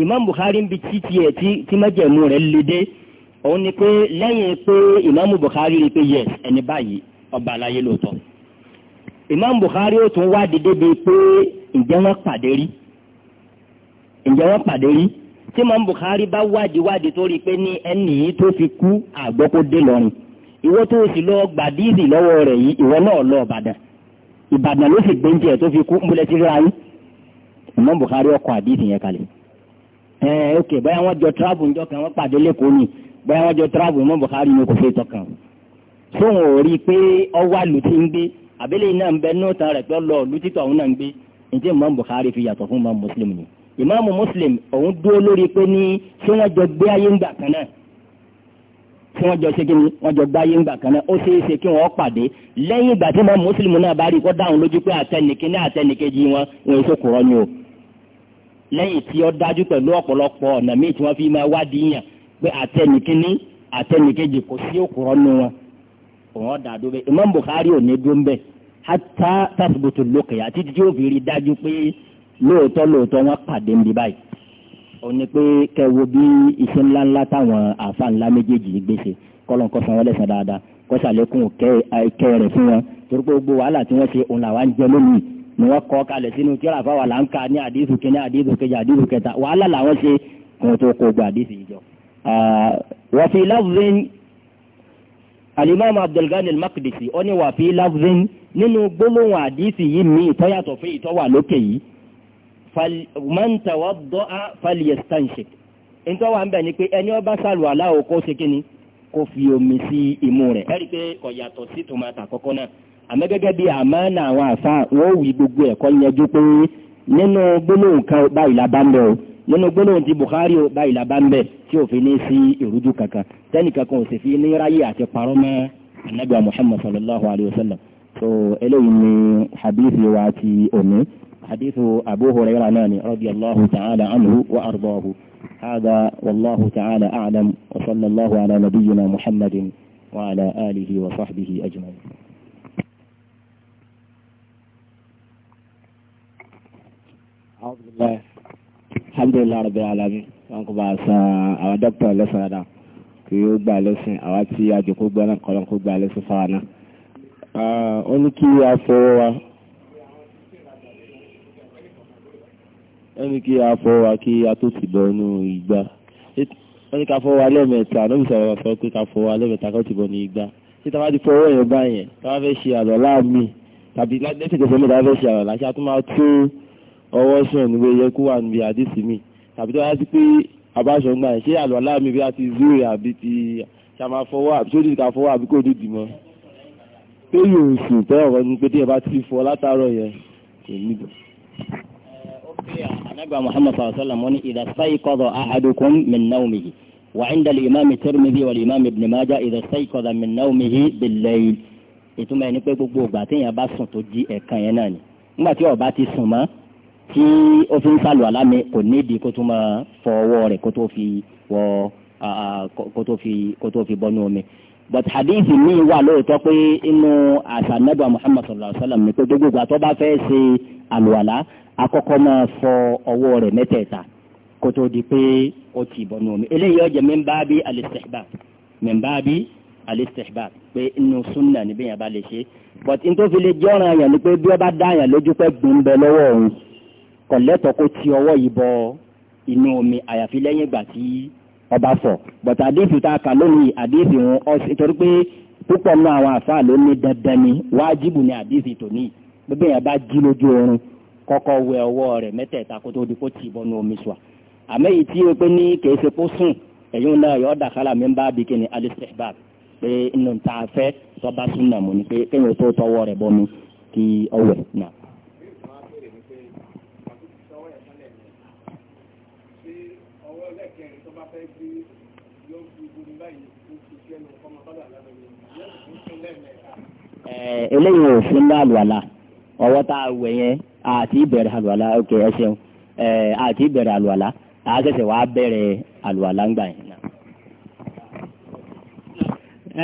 imam bukhari ń bi títí ẹ tí tí májẹ̀mú rẹ̀ òun ni pé lẹ́yìn pé imam bukhari rí pé yes ẹni báyìí ọba aláyé lóòótọ́ Imam Bukhari ó tún wádìí débi pé ǹjẹ́ wọ́n pàdé rí ǹjẹ́ wọ́n pàdé rí tí Imam Bukhari bá wádìí wádìí tó rí i pé ní ẹnì tó fi kú àgbọ̀ kó dé lọ́rin ìwọ tó o sì lọ gbàdíìsì lọ́wọ́ rẹ̀ yìí ìwọ náà lọ Ìbàdàn Ìbàdàn ló sì gbé ń tiẹ̀ tó fi kú múlẹ̀ tí ra yín Imam Bukhari ó kọ àdíìsì yẹn kalẹ̀ ẹ ok báyà wọn jọ travel ńjọ kan wọn pàdé lẹ́kọ̀ọ́ ni báyà wọn jọ travel Imam Bukhari ni kò fẹ́ tọkàn sóhun ò rí i pé ọwọ́ àlù ti ń gbé àbẹ́lẹ̀ iná ń bẹ nóòtàn rẹ̀ pé ọlọ́ọ̀ lù títọ̀ òun náà ń gbé ǹjẹ́ Imam Bukhari fi yàtọ̀ fún Muslim ni Imam Muslim òun dúró lórí pé ní ṣé wọ́n jọ gbé ayé ńgbà kan náà tí wọ́n jọ ṣe kí ni wọ́n jọ gbáyé kan náà ó ṣeé ṣe kí wọ́n pàdé lẹ́yìn ìgbà tí o. lẹ́yìn tí ó dájú pẹ̀lú ọ̀pọ̀lọpọ̀ ọ̀nà míì tí wọ́n fi máa wádìí yàn pé àtẹnìkejì kò sí òkùrọ̀ nu wọn. òun ọ̀dà àdóbẹ́ Imam Bukhari ò ní dúró ń bẹ̀ hátà tàbùtù lókè àti tí ó fi rí dájú pé lóòótọ́ lóòótọ́ wọ́n pàdé níbi báyìí ó ní pé kẹwo bí iṣẹ́ ńláńlá táwọn àfa ńlá méjèèjì gbèsè kọ́lọ́n kọ́ san wọ́n lẹ́sàn dáadáa kọ́ sàlékún kẹ́ rẹ̀ fún wọn torí pé gbogbo wàhálà tí wọ́n ṣe òun làwa ń lónìí ni wọ́n kọ́ kalẹ̀ sínú tíra fáwọn là ń ka ní àdìsù kínní àdìsù kejì àdìsù kẹta wàhálà làwọn ṣe kò tó kó gba àdìsù yìí jọ. wọ́n fi lọ́ọ̀fin alimami abdulgani makidisi ó ní wà fi lafzin nínú gbólóhùn àdìsí yìí mí ìtọ́yàtọ̀ fún ìtọ́wà lókè yìí man tawadda'a falyastanshik ìtọ́wà ń bẹ̀ ni pé ẹni ó bá ṣàlùwàlá ó kó ṣe kíni kó fi omi sí imú rẹ̀ ẹ̀rí pé kò yàtọ̀ sí tòmátà kọ́kọ́ náà àmọ́ gẹ́gẹ́ bí àmánà àwọn àfa wọ́n wí gbogbo ẹ̀kọ́ yẹn jó nínú gbólóhùn kan báyìí nínú gbólóhùn ti Bukhari ó báyìí làbá ń bẹ tí òfin ní sí ìrújú kankan tẹ́nì kankan ò sì fi ní ráyè àti parọ́ mọ́ anabiwa Muhammad sallallahu alayhi wa sallam so eléyìí ni hadith wa ti òní hadith Abu Hurairah náà ni radiyallahu ta'ala anhu wa ardaahu هذا والله تعالى أعلم وصلى الله على نبينا محمد وعلى آله وصحبه أجمعين أعوذ بالله alhamdulilayi rabbil alami, wọn kò bá a san àwọn dókítà lẹ́sìn rẹ̀ náà kí ó gbà lẹ́sìn àwa tí àjòkó gbọ́ náà kọ́lọ́n kó gbà lẹ́sìn fáwọn náà. Ah, ó ní kí a fọwọ́ wa ó ní kí a fọwọ́ wa kí a tó ti bọ̀ nínú ìgbà ó ní ká fọwọ́ wa lẹ́ẹ̀mẹ́ta lóbi sọ̀rọ̀ sọ pé ká fọwọ́ wa lẹ́ẹ̀mẹ́ta kó ti bọ̀ ní ìgbà tí táwa ti fọwọ́ yẹn báyẹn táwa fẹ́ ṣe àlọ́ láàmì tàbí lẹ́sìn kẹsàn-án ọwọ́ sàn níbi yẹ kó wà níbi àdìsí mi tàbí tó yá sí pé abáṣọgbà ṣé àlọ́ aláàmì bí a ti zúre àbí ti ṣàmà fọwọ́ àbí tó dìde ká fọwọ́ àbí kò dìde mọ́ pé yóò sùn tẹ́ ọ̀rọ̀ ni pé díẹ̀ bá ti fọ látàárọ̀ yẹn kò níbọ̀. Ànábì Muhammad sallallahu alaihi wasallam ní wa 'inda al-imam at-Tirmidhi wal-imam Ibn Majah idha stayqadha min nawmihi bil-layl ìtumọ̀ ẹni pé gbogbo ìgbà téèyàn bá sùn tó jí ẹ̀kan yẹn náà ni nígbà tí ó tí ó fi ń sàlù alámi kò nídìí kó tó máa fọ ọwọ́ rẹ̀ kó tó fi wọ kó tó fi kó tó fi bọ́nú omi but hadithi mi wà lóòótọ́ pé inú àṣà nẹ́bà muhammad sallallahu alayhi wa sallam ni pé gbogbo àtọ́ bá fẹ́ ṣe àlùwàlá akọ́kọ́ máa fọ ọwọ́ rẹ̀ mẹ́tẹ̀ẹ̀ta kó tó di pé ó ti bọ́nú omi eléyìí ọjà mẹ́ńbàbí alistihbab mẹ́ńbàbí alistihbab pé inú sunna níbí yẹn bá lè ṣe but n tó fi lè jọ́ràn yẹn ni pé bí ó dá yẹn lójú pé gbìn bẹ lọ́wọ́ òun kọ̀lẹ́tọ̀ kó ti ọwọ́ yìí bọ inú omi àyàfi lẹ́yìn ìgbà tí ọba fọ̀ bọ̀tà àdéhùn tá a kà lónìí àdéhùn wọn ọ̀sẹ̀ nítorí pé púpọ̀ mọ́ àwọn àfáà ló ní dandan ni wájibù ni àdéhùn tòní gbogbo yẹn bá jí lójú oorun kọ́kọ́ wẹ ọwọ́ rẹ̀ mẹ́tẹ̀ẹ̀ta kó tó di kó tì bọ́nu omi sùn àmọ́ èyí tí o pé ní kìí ṣe kó sùn ẹ̀yìn náà yọ dàkálà mi bá bí kíni alistihbab pé inú ta fẹ́ sọ́ba súnà mọ́ ni pé kéèyàn tó tọwọ́ rẹ̀ bọ́ mi kí ọwẹ́ náà. Eh, eléyìí ò fún ní àlùwàlà ọwọ́ tá a wẹ̀ yẹn àti ìbẹ̀rẹ̀ àlùwàlà ok ẹ ṣeun àti eh, ìbẹ̀rẹ̀ àlùwàlà a ṣẹ̀ṣẹ̀ wá bẹ̀rẹ̀ àlùwàlà ń gbà yẹn.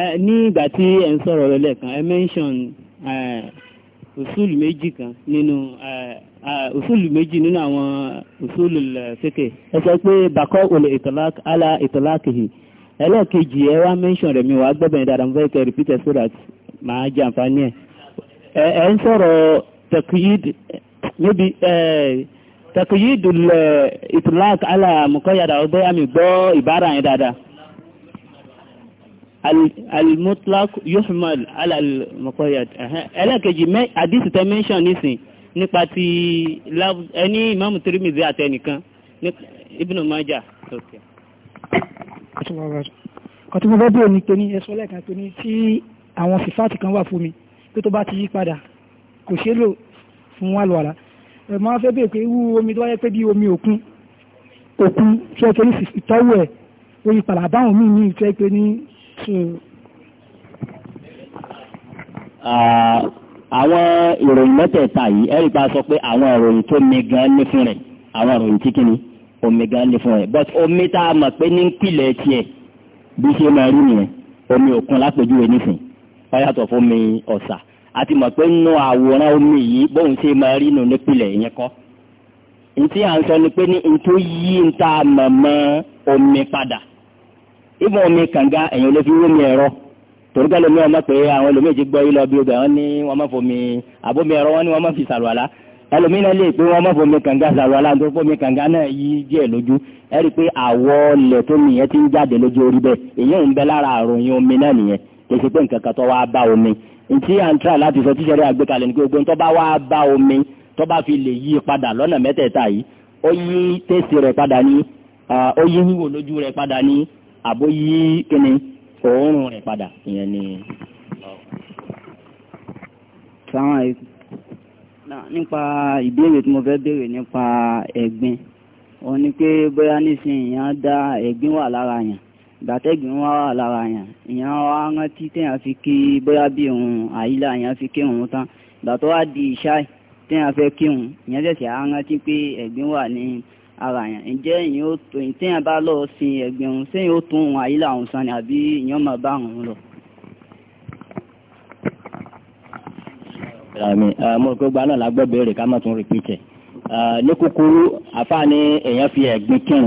Eh, ní ìgbà tí ẹ ń sọ̀rọ̀ ẹ òṣùlù méjì kan nínú òṣùlù ah, méjì nínú àwọn òṣùlù ẹ sọ pé bàkọ́ òlè ẹlẹ́ẹ̀kejì ẹ wá mention rẹ̀ mi wàá gbẹ́bẹ̀rẹ̀ dáadáa mo fẹ́ kẹ́ repeat it so that màá jẹ àǹfààní ẹ̀ ẹ ń sọ̀rọ̀ takuyid níbi ìtùláàkì àlà ọgbẹ́ àmì gbọ́ ìbára yẹn dáadáa al-mutlaq yuhmal ala al-muqayyad ẹlẹ́ẹ̀kejì àdìsí tẹ mention nísìn nípa ti ẹni Imam Tirmidhi àtẹnìkan Ibn Majah rahmatullahi wa barakatuh kan tí mo fẹ́ bí òní pé ní ẹsọ lẹ́ẹ̀kan pé ní tí àwọn sífáàtì kan wà fún mi pé tó bá ti yí padà kò ṣeé lò fún wa lọ́la ẹ máa fẹ́ bèè pé irú omi tó wáyé pé bí omi òkun òkun tí ẹ torí ìtọ́wò ẹ̀ ó yí padà báwọn míì ní ìtọ́ pé ní. àwọn ìròyìn mẹ́tẹ̀ẹ̀ta yìí ẹ̀rí pa sọ pé àwọn ìròyìn tó ní gan-an ní fún rẹ̀ àwọn ìròyìn tí kìíní omi gan le fún ẹ but omi tá a mọ̀ pé ní pìlẹ̀ tiẹ̀ bí ṣe máa rí nìyẹn omi òkun lápèjúwe nísìn ọyàtọ̀ fún mi ọ̀sà àti mọ̀ pé nínú àwòrán omi yìí bóun ṣe máa rí nù nípìlẹ̀ yẹn kọ́ ntí à ń sọ ni pé ní ntó yí ntá mọ̀ mọ́ omi padà ìmọ̀ omi kànga ẹ̀yìn olófin rómi ẹ̀rọ torúkọ lómi ọmọ pé àwọn ẹlòmíì ti gbọ́ yìí lọ bí obìnrin wọn ní wọn máa fomi àbómi ẹlòmínà lè pé wọn mọ̀fọ́ mi kànga sàrò aláǹtó fún mi kànga náà yí díẹ̀ lójú ẹ rí i pé àwọ̀ ọlẹ̀ tó mi yẹn ti ń jáde lójú orí bẹ́ẹ̀ èyí ò ń bẹ lára àròyìn omi náà nìyẹn kì í ṣe pé nǹkan kan tó wá bá omi ntí à ń tra láti sọ tíṣẹ̀rẹ́ àgbékalẹ̀ ní pé gbogbo tó bá wá bá omi tó bá fi lè yí padà lọ́nà mẹ́tẹ̀ẹ̀ta yìí ó yí tẹ̀sí rẹ̀ padà ní ó yí wíwò lójú rẹ̀ padà ní àbó yí kíni òórùn rẹ̀ padà ìyẹn ni nípa ìbéèrè tí mo fẹ́ béèrè nípa ẹ̀gbin òun ni pé bóyá nísìnyí èèyàn dá ẹ̀gbin wà lára yàn gbàtẹ́gbìn wá wà lára yàn èèyàn wá rántí téèyàn fi kí bóyá bí òun àyílà èèyàn fi kí òun tán gbàtọ́ wá di ìṣáì téèyàn fẹ́ kí òun èèyàn ṣẹ̀ṣẹ̀ á rántí pé ẹ̀gbin wà ní ara yàn ǹjẹ́ èèyàn ó tó téèyàn bá lọ́ọ́ sin ẹ̀gbin òun séèyàn ó tún òun àyílà òun san ni àbí èèyàn máa bá òun lọ. àmì mo rò pé gba náà lágbọ́ béèrè ká má tún rìpítẹ̀ ní kúkúrú àfààní èèyàn fi ẹ̀gbin kírun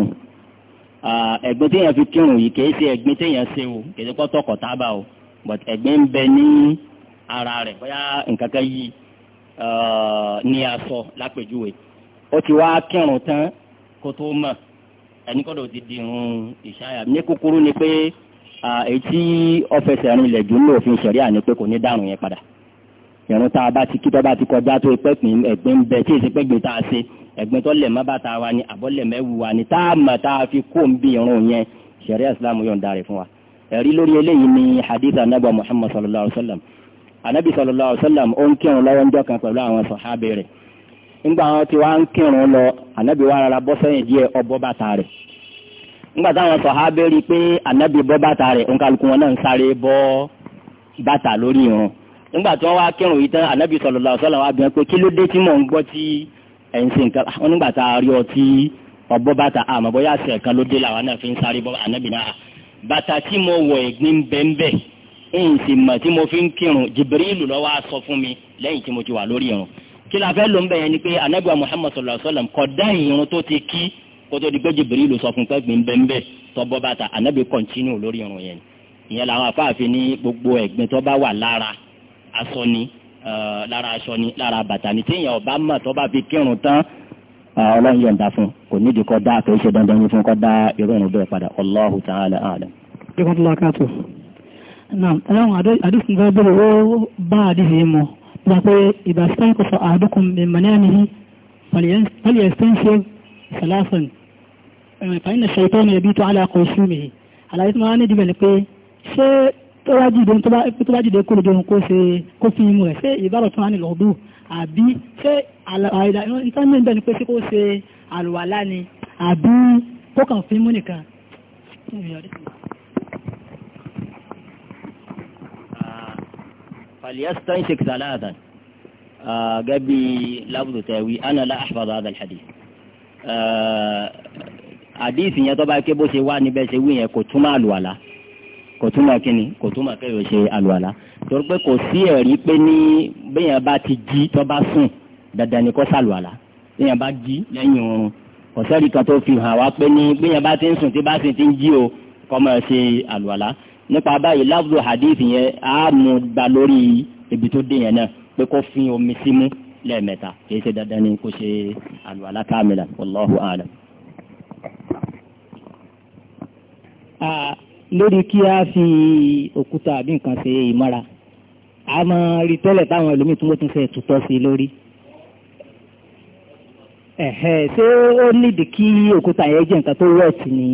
ẹ̀gbin téèyàn fi kírun yìí kìí ṣe ẹ̀gbin téèyàn ṣe o kìí ṣe pọ́tọ́ kọ̀ tábà o but ẹ̀gbin ń bẹ ní ara rẹ̀ bóyá nǹkan kan yí ní aṣọ lápèjúwe ó ti wá kírun tán kó tó mọ̀ ẹni kọ́dọ̀ ti di ìṣáyà ní kúkúrú ni pé èyí tí ó fẹsẹ̀ rinlẹ̀ jù ní òfin ṣẹ̀ríà ni ìrún tá a bá ti kí tó bá ti kọjá tó pẹ́ pín ẹ̀gbìn bẹ tí èsì pẹ́gbìn tá a ṣe ẹ̀gbìn tó lẹ̀ mọ́ bàtà wa ni àbọ̀lẹ̀ mẹ́wù wa ni tá a mọ̀ tá a fi kó ń bí irun yẹn sẹ̀rí islam yọ̀ǹda rẹ̀ fún wa. ẹ̀rí lórí eléyìí ni hadith anabi muhammad sallallahu alayhi wa sallam anabi sallallahu alayhi wa sallam ó ń kírun lọ́wọ́ ńjọ́ kan pẹ̀lú àwọn sọ̀hábì rẹ̀ ńgbà wọn ti wá ń kírun lọ anabi wa rárá bọ́ sẹ́yìn díẹ̀ ọbọ̀ bàtà rẹ̀ ńgbà táwọn sọ̀hábì rí i pé anabi bọ́ bàtà rẹ̀ òǹkàlùkù wọn náà ń sáré bọ́ bàtà lórí irun nígbà tí wọ́n wá kírun yìí tán ànábì sallallahu alaihi wasallam abìyẹn pé kí ló dé tí mò ń gbọ́ tí ẹ̀ ń ṣe nǹkan ah, wọn nígbà tá a rí ọtí ọ̀bọ́ bàtà àmọ́ bóyá àṣẹ kan ló dé làwọn náà fi ń sáré bọ́ ànábì náà ah, bàtà tí mo wọ̀ ẹ̀gbin bẹ́ńbẹ́ ń sì mọ̀ tí mo fi ń kírun Jibrilu ló wá sọ fún mi lẹ́yìn tí mo ti wà lórí irun kí la fẹ́ ló ń bẹ̀ yẹn ni pé ànábì Muhammad sallallahu alaihi wasallam kọ̀ dá irun tó ti kí kótó di pé Jibrilu sọ fún pé gbìn bẹ́ńbẹ́ tọ́bọ́ bàtà ànábì kọ̀ntínú lórí irun yẹn ìyẹn làwọn afáàfin ní gbogbo ẹ̀gbin tó bá wà lára aṣọ ni eh, lára aṣọ ni lára bàtà ni téèyàn ọba mọ̀ tó bá fi kírun tán eh, ọlọ́run yọ̀ǹda fún kò nídìí kọ́ dá àkẹ́yẹ́ ṣe dandan ní fún kọ́ dá irú òun bẹ́ẹ̀ padà Allahu ta'ala a'lam. ṣé kí wọ́n kàtó. naam ẹlẹ́wọ̀n àdìsùn bá bẹ̀rẹ̀ ó bá àdìsùn yìí mọ̀ nígbà pé ìgbà sí táyì kò sọ àdókùn mẹ́mọ́nìyàn yìí pẹ̀lú ẹ̀sìtẹ́ńṣẹ́ sàlásàn fàyínà ṣètọ́ mi ẹ̀bí tó àlàkọ̀ ṣú mi àlàyé tó bá jìde tó bá jìde kó lójú ohun kó ṣe kó fi imú rẹ̀ ṣé ìbára tó wá ní lọ́dún àbí ṣé àìdá ìtọ́nú ìbẹ̀ ni pé ṣé kó ṣe àlùwàlá ni àbí kó kàn fi imú nìkan. fàlíyàsítọ́ ń ṣe kìsàlá àdán gẹ́bí yẹn tó bá ké ṣe wá níbẹ̀ ṣe wí yẹn kò túmọ̀ àlùwàlá kò túmọ̀ kíni kò túmọ̀ kẹ́yọ̀ ṣe àlùwàlá torí pé kò sí ẹ̀rí pé ní bẹ́yàn bá ti jí tó bá sùn dandan ni kó ṣàlùwàlá bẹ́yàn bá jí lẹ́yìn oorun kò kan tó fi hàn wá pé ní bẹ́yàn bá ti ń sùn tí bá sì ti ń jí o kó máa ṣe àlùwàlá nípa báyìí lábùdó hadith yẹn á mú gba lórí ibi tó dé yẹn náà pé kó fi omi símú lẹ́ẹ̀mẹ́ta kì í ṣe dandan ni kó ṣe àlùwàlá kámìlà wallahu a'lam. Ah, lórí kí a fi òkúta àbí nǹkan ṣe ìmọ́ra a máa rí tẹ́lẹ̀ táwọn ẹlòmíì tí wọ́n tún fẹ́ tutọ́ sí lórí ṣé ó nídìí kí òkúta yẹn jẹ́ nǹkan tó wet ni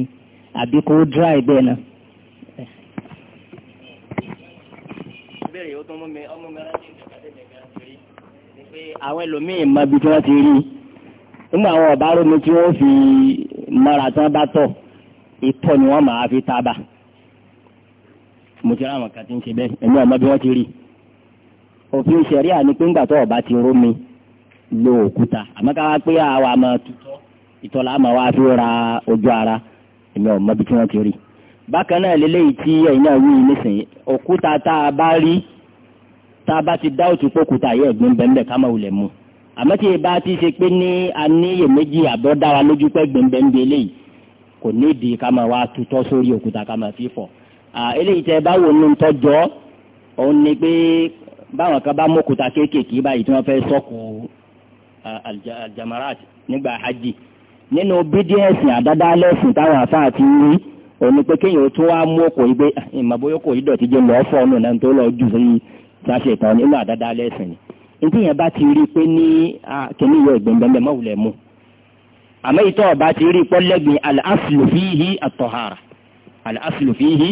àbí kó dry bẹ́ẹ̀ náà. ìbéèrè ó tún mú mi ọmọ mi rántí ìgbà tẹ́lẹ̀ gan torí ni pé àwọn ẹlòmíì mọ ibi tí wọ́n ti rí nígbà àwọn ọ̀bá rómi tí wọ́n fi mọ́ra tán bá tọ̀ ìtọ̀ ni wọ́n máa fi tábà mo ti ráwọn kan ti ń ṣe bẹ́ẹ̀ ẹ̀mí ọmọ bí wọ́n ti rí òfin ìṣẹ̀rí àní pé ńgbà tó ọba ti rómi lo òkúta àmọ́ ká wá pé àwa máa tutọ́ ìtọ́lá máa wá fi ra ojú ara ẹ̀mí ọmọ bí tí wọ́n ti rí bákan náà lélẹ́yìí tí ẹ̀yin náà wí nísìnyí òkúta tá a bá rí tá a bá ti dá òtún pókúta yẹ ẹ̀gbìn bẹ́ẹ̀ ká máa wulẹ̀ mu àmọ́ tí ìbá ti ṣe pé ní a ní lójú pé ẹ̀gbìn eléyìí kò nídìí ká máa wá tutọ́ sórí òkúta ká máa fi fọ̀ eléyìí tẹ báwo ló ń tọjọ́ òun ni pé báwọn kan bá mọ́kúta kéékèèké báyìí tí wọ́n fẹ́ sọ́kù aljamarat nígbà hajj nínú táwọn ti rí òní pé kéèyàn tún wá mú okò yìí pé yìí dọ̀tí jẹ́ lọ́ọ́ náà tó lọ́ọ́ jù sí sáṣẹ ìtàn nínú ni. nítorí yẹn bá ti rí i pé ní kíní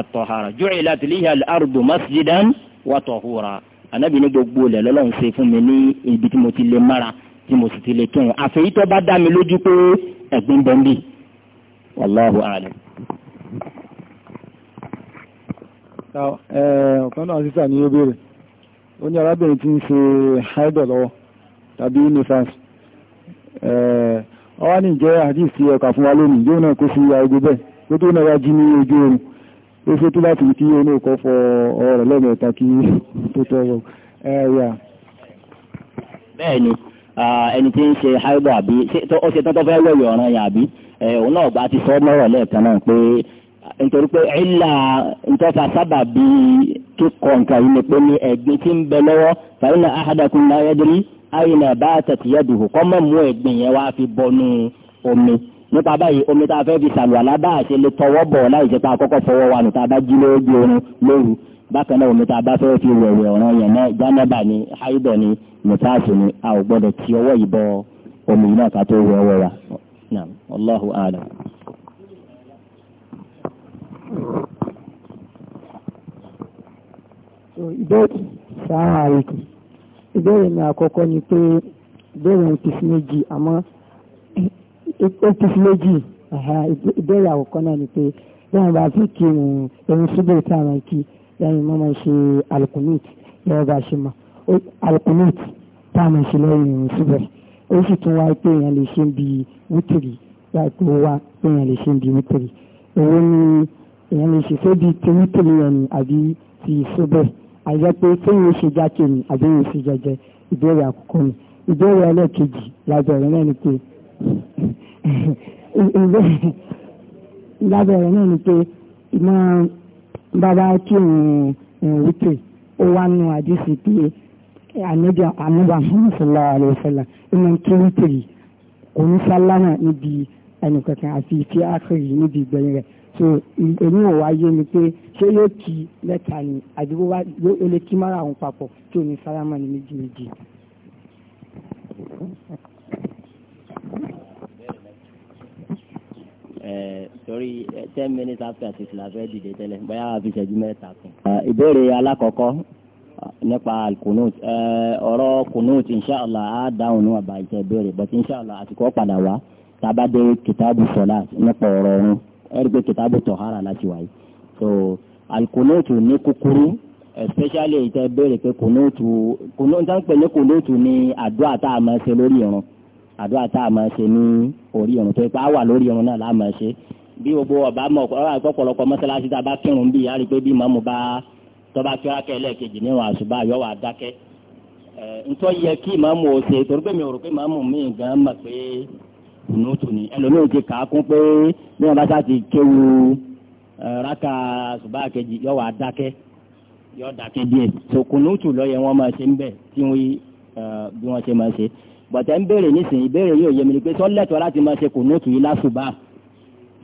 àtọ̀hárà ju'ilat liha al-ardu masjidan wa tahura anabi ní gbogbo ilẹ̀ lọ́lọ́run ṣe fún mi ní ibi tí mo ti lè mara tí mo sì ti lè kírun àfẹ́yí tó bá dá mi lójú pé ẹ̀gbin bẹ́ẹ̀ bí wallahu a'lam. ọ̀kan náà sísà ní ó béèrè ó ní arábìnrin tí ń ṣe haidọ̀ lọ́wọ́ tàbí nifas ọwọ́ ní ìjẹ́ àdìsí ọkà fún wa lónìí yóò náà kó sí aago bẹ́ẹ̀ kó tó náà wá jí ní ojú oorun ó ṣe tó láti kí oní ọkọ̀ fọ ọ̀rọ̀ lẹ́mẹ̀ẹ́ta kí tó tọ́wọ́ ẹ̀yà. bẹ́ẹ̀ni ẹni tí ń ṣe haibọ àbí ó ṣe tán tó fẹ́ wẹ̀wẹ̀ ọ̀ràn yà àbí òun náà bá ti sọ lọ́rọ̀ lẹ́ẹ̀kan náà pé nítorí pé ìlà ìtọ́fà sábà bí kíkọ nǹkan yìí ni pé ní ẹ̀gbin tí ń bẹ lọ́wọ́ fàyínà ahadakun náà yẹ́dúrí àyìnà bá tẹ̀tìyẹ́dùhù kọ́mọ̀ mú ẹ̀gbin yẹn wá fi bọnú omi. nípa báyìí omi tá a fẹ́ fi ṣàlùwàlá ṣe tọwọ́ bọ̀ láì ṣe fọwọ́ wa nù tá a bá jí lójú oorun lóru bákan náà omi tá a bá fẹ́ fi wẹ̀wẹ̀ ọ̀ràn yẹn náà jánẹ́bà ni haidọ̀ ni mùtáàsì ni a ò gbọ́dọ̀ ti ọwọ́ ó kú sí méjì ìbéèrè àkọ́kọ́ náà ni pé lẹ́yìn bá fi kí irun irun síbẹ̀ tí àwọn kí lẹ́yìn mọ́ máa ṣe alukunit lẹ́yìn bá ṣe mọ́ alukunit tá a máa ṣe lẹ́yìn irun síbẹ̀ ó sì tún wá pé èèyàn lè ṣe bí wítìrì láti wá pé èèyàn lè ṣe bí wítìrì owó ni èèyàn lè ṣe fẹ́ bí ti wítìrì yẹn ni àbí ti síbẹ̀ àyẹ́ pé kéèyàn ṣe jákè ni àbí èèyàn ṣe jẹjẹ ìbéèrè àkọ́kọ́ ni ìbéèrè ẹlẹ́ẹ̀kejì lábẹ́ ọ̀rẹ́ náà ni pé ìgbẹ́ lábẹ́rẹ̀ náà ni pé ìmọ̀ bàbá kí òun wípé ó wá nu àdìsí pé ànábì ànábì àhùn sọlá àlùfẹlà ìmọ̀ kí wípé kò ní sálámà níbi ẹnìkankan àti ìfi ákìrì níbi ìgbẹ̀yìn rẹ̀ so èmi ò wáyé ni pé ṣé yóò kí mẹ́ta ni àdúgbò wa ó lè kí mara àwọn papọ̀ tí ò ní sálámà ní méjì méjì. Sorry, ten minutes after six la fẹ́ dìde tẹ́lẹ̀ bóyá a fi ṣẹ́jú mẹ́ta kan. ìbéèrè alákọ̀ọ́kọ́ nípa kunut ọ̀rọ̀ kunut inshàlá á dáhùn ní ọ̀bà ìṣe ìbéèrè but inshàlá àsìkò padà wá tábàdé kìtàbù sọ̀lá nípa ọ̀rọ̀ ọ̀run ẹ̀rí pé kìtàbù tọ̀hárà láti wáyé so alkunotu ní kúkúrú especially ìtẹ́ béèrè pé kunotu kunotu ní kúkúrú ní àdúrà tá a máa ṣe lórí ìrun àdúrà tá a máa ṣe ní orí irun tó ipá wà lórí irun náà la máa ṣe bí gbogbo ọba mọ ọ̀pọ̀lọpọ̀ mọ́sálásí tá a bá kírun bí a rí i pé bí màmú bá tọ́ba kí wákẹ́ ẹlẹ́ẹ̀kejì níwọ̀n àṣùbà yọ̀ wá dákẹ́ ntọ́ yẹ kí màmú o ṣe torí pé mi ò rò pé màmú mi gan mọ̀ pé nùtù ni ẹlòmíràn ti kà á kún pé bí wọn bá sá ti kéwu raka àṣùbà kejì yọ̀ wá dákẹ́ yọ̀ dákẹ́ díẹ̀ tòkùnùtù lọ́yẹ̀ wọn máa ṣe ń bẹ̀ tí wọ́n ṣe máa ṣe bọ̀tẹ́ ń béèrè nísìnyí ìbéèrè yóò yé mi ni pé sọ lẹ́tọ̀ọ́ láti máa ṣe kùnúùtù yìí lásùbà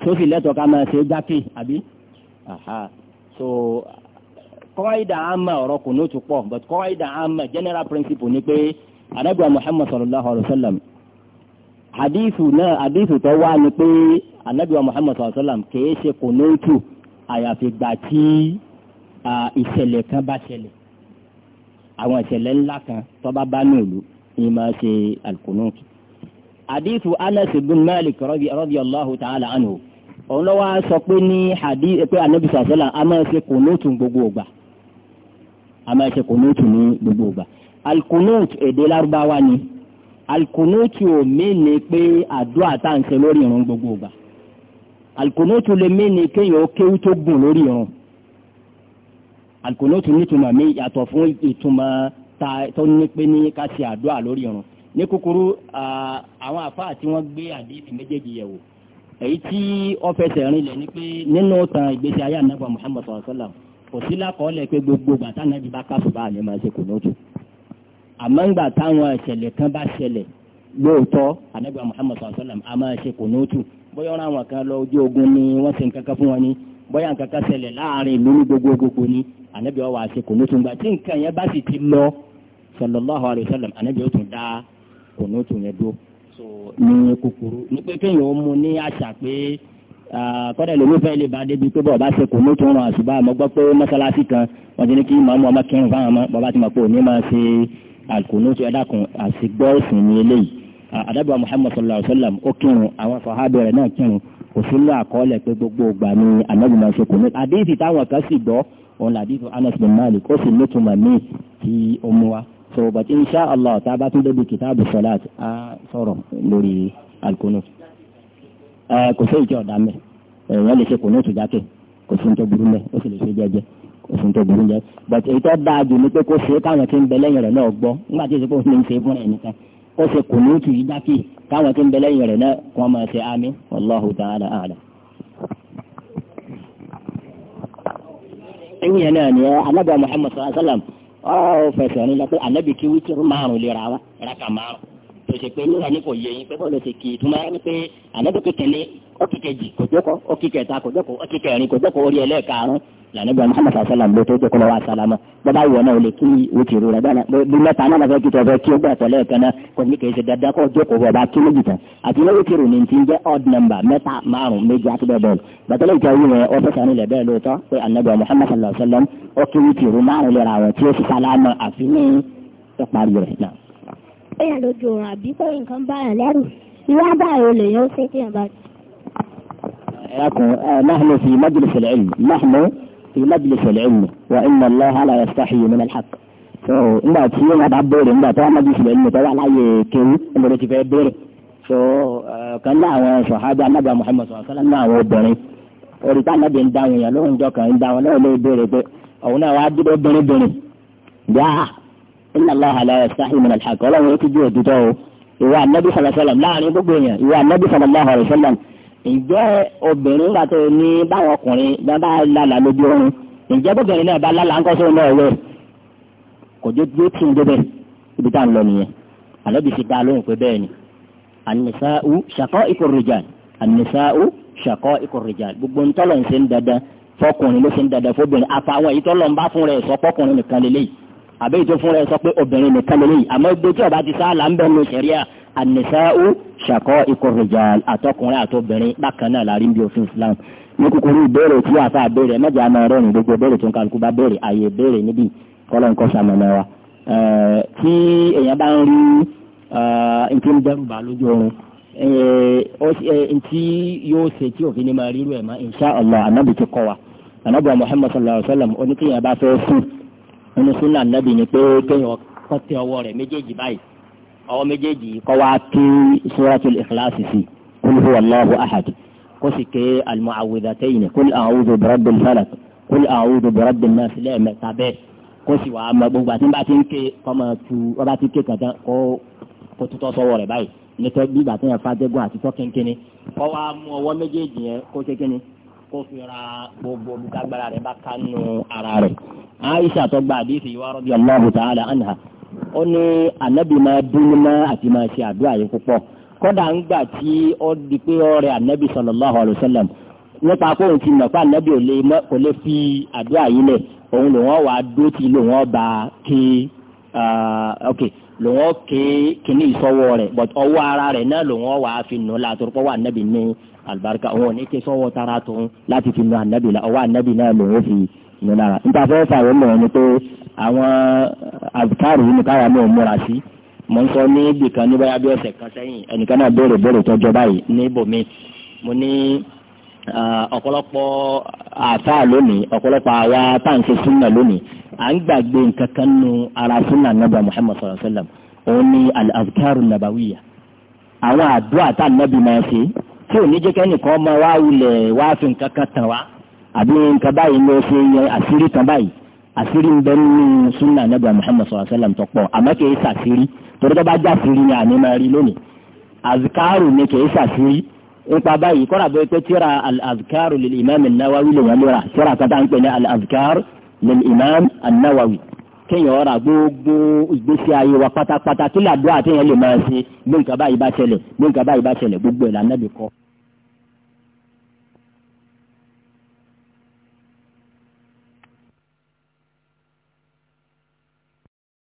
sófì lẹ́tọ̀ọ́ ká máa ṣe jákè àbí. so kọ́ńdà àmà ọ̀rọ̀ kùnúùtù pọ̀ but kọ́ńdà àmà general principle ni pé anagba muhammad sallallahu alayhi wa sallam hadithu náà hadithu tó wá ni pé anagba muhammad sallallahu alayhi wa sallam kìí ṣe kùnúùtù àyàfi gbà tí ìṣẹ̀lẹ̀ kan bá ṣẹlẹ̀ àwọn ìṣẹ̀lẹ̀ ńlá kan tó bá bá ní òlu ní máa ṣe alkunut. hadithu anas ibn malik radiyallahu ta'ala anhu òun ló wá sọ pé ní hadith pé anabi sàṣẹlá a máa ṣe kunutu gbogbo ògbà a máa ṣe kunutu ní gbogbo ògbà alkunut èdè lárúbáwá ni alkunutu ò mí ni pé àdúrà tá à ń ṣe lórí ìrun gbogbo ògbà alkunutu lè mí ni kéèyàn ó kéwú tó gùn lórí ìrun alkunutu nítumọ̀ mi yàtọ̀ fún ìtumọ̀ tó ní pé ní ká ṣe àdúrà lórí irun ní kúkúrú àwọn àfáà tí wọ́n gbé àdéhìí méjèèjì yẹ̀ wò èyí tí ó fẹsẹ̀ rinlẹ̀ ni pé nínú tan ìgbésí ayé ànábà Muhammad sallallahu alaihi wasallam kò sí lákọọ́lẹ̀ pé gbogbo bàtà nàbí bá káfù bá àlẹ́ máa ṣe kò lójú àmọ́ ńgbà táwọn ìṣẹ̀lẹ̀ kan bá ṣẹlẹ̀ lóòótọ́ ànábà Muhammad sallallahu alaihi wasallam a máa ṣe kò lójú bóyá ọ̀rọ̀ àwọn kan lọ ojú ogun ni wọ́n ṣe nǹkan anabi wa wàá ṣe kùnútù ńgbà tí nǹkan yẹn bá sì ti lọ sallallahu alayhi wa sallam anabi ó tún dá kùnútù yẹn dó so ni kúkúrú ní pé kéèyàn ó mu ní àṣà pé kọ́dà lómi fẹ́ lè ba débi pé bọ́ọ̀ bá ṣe kùnútù ràn àṣùbà mo gbọ́ pé mọ́sálásí kan wọ́n ti ní kí màmú ọmọ kẹrin fáwọn ọmọ bàbá ti mọ̀ pé òní máa ṣe alkùnútù ẹ̀dá kan àṣìgbọ́ ìsìn ní eléyìí àdàbà muhammad sallallahu alayhi wa sallam ó kírun àwọn sọ̀hábì rẹ̀ náà kírun kò sínú àkọọ́lẹ̀ pé gbogbo ògbà ni ànábì máa ṣe kùnútù àdéhìí táwọn kan sì gbọ́ òun làdífò Anas bin Malik ó sì nítumọ̀ míì tí ó wa so but insha allah tá a bá tún débi kìtàbù sọláàt á sọ̀rọ̀ lórí alukónú kò sí ìjọ ọ̀dà mẹ́ èèyàn lè ṣe kò ní ìtújákè kò sí ní burú mẹ́ ó sì lè ṣe jẹ́jẹ́ kò sí ní burú jẹ́ but èyí tó dáa jù ni pé kó ṣe káwọn tí ń bẹ lẹ́yìn rẹ̀ náà gbọ́ nígbà tí ìṣèpò ń ṣe fún ẹnìkan ó ṣe kò ní ìtújákè káwọn tí ń bẹ lẹ́yìn rẹ̀ náà wọ́n máa ṣe àmín wallahu ta'ala a'lam. irú yẹn náà ni alága Muhammad sallallahu sallam ọ fẹsẹ̀ ní lọ́pẹ́ ànábì kí wítìrú márùn lè wa raka márùn tó ṣe pé nígbà ní kò yẹ yín pé bọ́ọ̀lù ti kì í túmọ̀ ní pé ànábì kékeré ọkì kejì kò jókòó ọkì kẹta kò jókòó ọkì kẹrin kò jókòó orí ẹlẹ́ẹ̀karùn-ún lànàgbà muhammad sallam ló tó jẹkọlọ wa salama bàbá wọ náà o lè kí wítìrú rẹ gbọ́dọ̀ bí mẹ́ta náà fẹ́ kí tó fẹ́ kí ó gbà tọ́lẹ̀ kan náà kò ní kì í ṣe dandan kó jókòó bọ̀ bá kí méjì tán àti ilé wítìrú ni ti ń jẹ́ odd number mẹ́ta márùn méjì àti bẹ́ẹ̀ bọ́ọ̀lù bàtọ́lẹ̀ ìjà wí rẹ̀ ọ̀fẹ́ sani lẹ̀ bẹ́ẹ̀ lóòótọ́ pé ànàgbà muhammad sallam ó kí wítìrú márùn lè ra في مجلس العلم وإن الله لا يستحي من الحق so ńgbà tí wọn bá béèrè ńgbà tí wọn mọ̀jú sílẹ̀ nínú tó wà láàyè kéwú ńlọrọ ti fẹ́ béèrè so kan náà àwọn sọ̀hábí anábà Muhammad sọ̀rọ̀ sọ́lá náà àwọn obìnrin orí tá anábì ń dáhùn yẹn lóhùn jọ kàn ń dáhùn náà lóhùn béèrè pé òun náà wàá dúró bínibíni yá inna Allaha la yastahi min al-haqq ọlọ́run ó ti ju òtítọ́ o ìwà anábì sọ̀rọ̀ sọ̀rọ̀ láàrin gbogbo èèyàn ìwà anábì sọ̀rọ̀ ǹjẹ́ obìnrin wà tó ní báwọn ọkùnrin bá bá lálàá lójú oorun ǹjẹ́ bóbìnrin náà bá lálàá ńkọ́ sóun náà wẹ̀ kò jó tó tì ń débẹ̀ ibi tá à ń lọ nìyẹn àlọ́bì ti dá lóhùn pé bẹ́ẹ̀ ni ànisa'u shaqa'iqur rijal ànisa'u shaqa'iqur rijal gbogbo ntọ́lọ̀ ń ṣe ń dandan fọkùnrin ló ṣe ń dandan fọbìnrin àfàwọn èyí tọ́lọ̀ ń bá fún rẹ̀ sọ fọkùnrin nìkan lélẹ́yìí àbẹ́yìí tó fún rẹ̀ sọ pé obìnrin nìkan lélẹ́yìí àmọ́ gbé tí ọba ti sá là ń bẹ̀ nù an-nisa'u shaqa'iqu rijal àtọkùnrin àtọbìnrin bákan náà la rí bí òfin Islam ní kúkúrú ìbéèrè tí àfa béèrè mẹ́jọ àmọ́ ẹ̀rọ ní gbogbo béèrè tó ń kálukú bá béèrè àyè béèrè níbi kọ́lọ́ nǹkan sàmọ̀nà wa tí èèyàn bá ń rí ntí ń dẹ́rù bá lójú oorun ntí yóò ṣe tí òfin ní máa rírú ẹ̀ mọ́ insha Allah anábì ti kọ́ wa anábì wa Muhammad sallallahu alayhi wa sallam oníkéèyàn bá fẹ́ fún nínú sunna anábì ni pé kéèyàn kọ́ tẹ ọwọ́ rẹ̀ méjèèjì báyìí àwọn méjèèjì kọ́ wá tú suratul ikhlas sí kul huwa allahu ahad kó sì ké almu'awwidhatayn kul a'udhu birabbil falaq kul a'udhu birabbin nas lẹ́ẹ̀mẹ́ta bẹ́ẹ̀ kó sì wàá mọ gbogbo àti bá ti ń ké kọ́ tu ọba ti ké kàtà kó kó tutọ́ sọ́wọ́ rẹ̀ báyìí nítorí bí ìgbà tó yẹn fàdégún àti tọ́kínkínní kọ́ wá mú ọwọ́ méjèèjì yẹn kó ṣe kínní kó fi ra gbogbo olùkágbára rẹ̀ bá kánú ara rẹ̀. Aisha tó àdìsí wa radiyallahu ta'ala anha ó ní ànábì máa dúró mọ́ àti máa ṣe àdúrà yìí púpọ̀ kódà ńgbà tí ó di pé ọ̀rẹ́ ànábì sallallahu alaihi wasallam nípa pé òun ti mọ̀ pé ànábì kò lè fi àdúrà yìí lẹ̀ òun lòun wà dúró tí lòun bá ké ok lòun ké kíní ìsọwọ́ rẹ̀ but ọwọ́ ara rẹ̀ náà lòun wà fi nù látọ̀ pọ̀ wà ànábì ní àlùbáríkà òun ò ní ké sọ́wọ́ tara tó ń láti fi nù ànábì ọwọ́ ànábì náà lòun fi nù lára nípa fẹ́ fà àwọn àbùkárù yìí nìkan wà ní òmùra sí mo ń sọ ní ibì kan ní báyà bí ọ̀sẹ̀ kan sẹ́yìn ẹnìkan náà béèrè béèrè tọ́jọ́ báyìí ní ibòmí mo ní ọ̀pọ̀lọpọ̀ àáfàá lónìí ọ̀pọ̀lọpọ̀ àwa tá súnà lónìí à ń gbàgbé nǹkan kan nu ara súnà nàbà Muhammad sallallahu alayhi wa sallam òun ni al-azkaru nabawiya àwọn àdúrà tá nàbì máa ṣe tí ò ní jẹ́ kẹ́nìkan máa wá wulẹ̀ wá fi nǹkan kan tàn wá àbí nǹkan báyìí ló ṣe yẹn àṣírí kan báyìí àṣírí ń bẹ nínú sunna anabi muhammad sallallahu alaihi wa sallam tó pọ̀ àmọ́ kì í ṣàṣírí torí tó bá já àṣírí ni àní máa rí lónìí azikaru ni kì í ṣàṣírí nípa báyìí kọ́ra bẹ́ẹ̀ pé tíra al-azikaru lil imam an-nawawi lè wọ́n lóra tíra kata ń pè ní al-azikaru lil imam nawawi kéèyàn ọ̀rà gbogbo ìgbésí ayé wa pátápátá kí làdúrà téèyàn lè máa ṣe gbé nǹkan báyìí bá ṣẹlẹ̀ gbé nǹkan báyìí bá ṣẹlẹ̀ gbogbo ẹ̀ bí kọ́.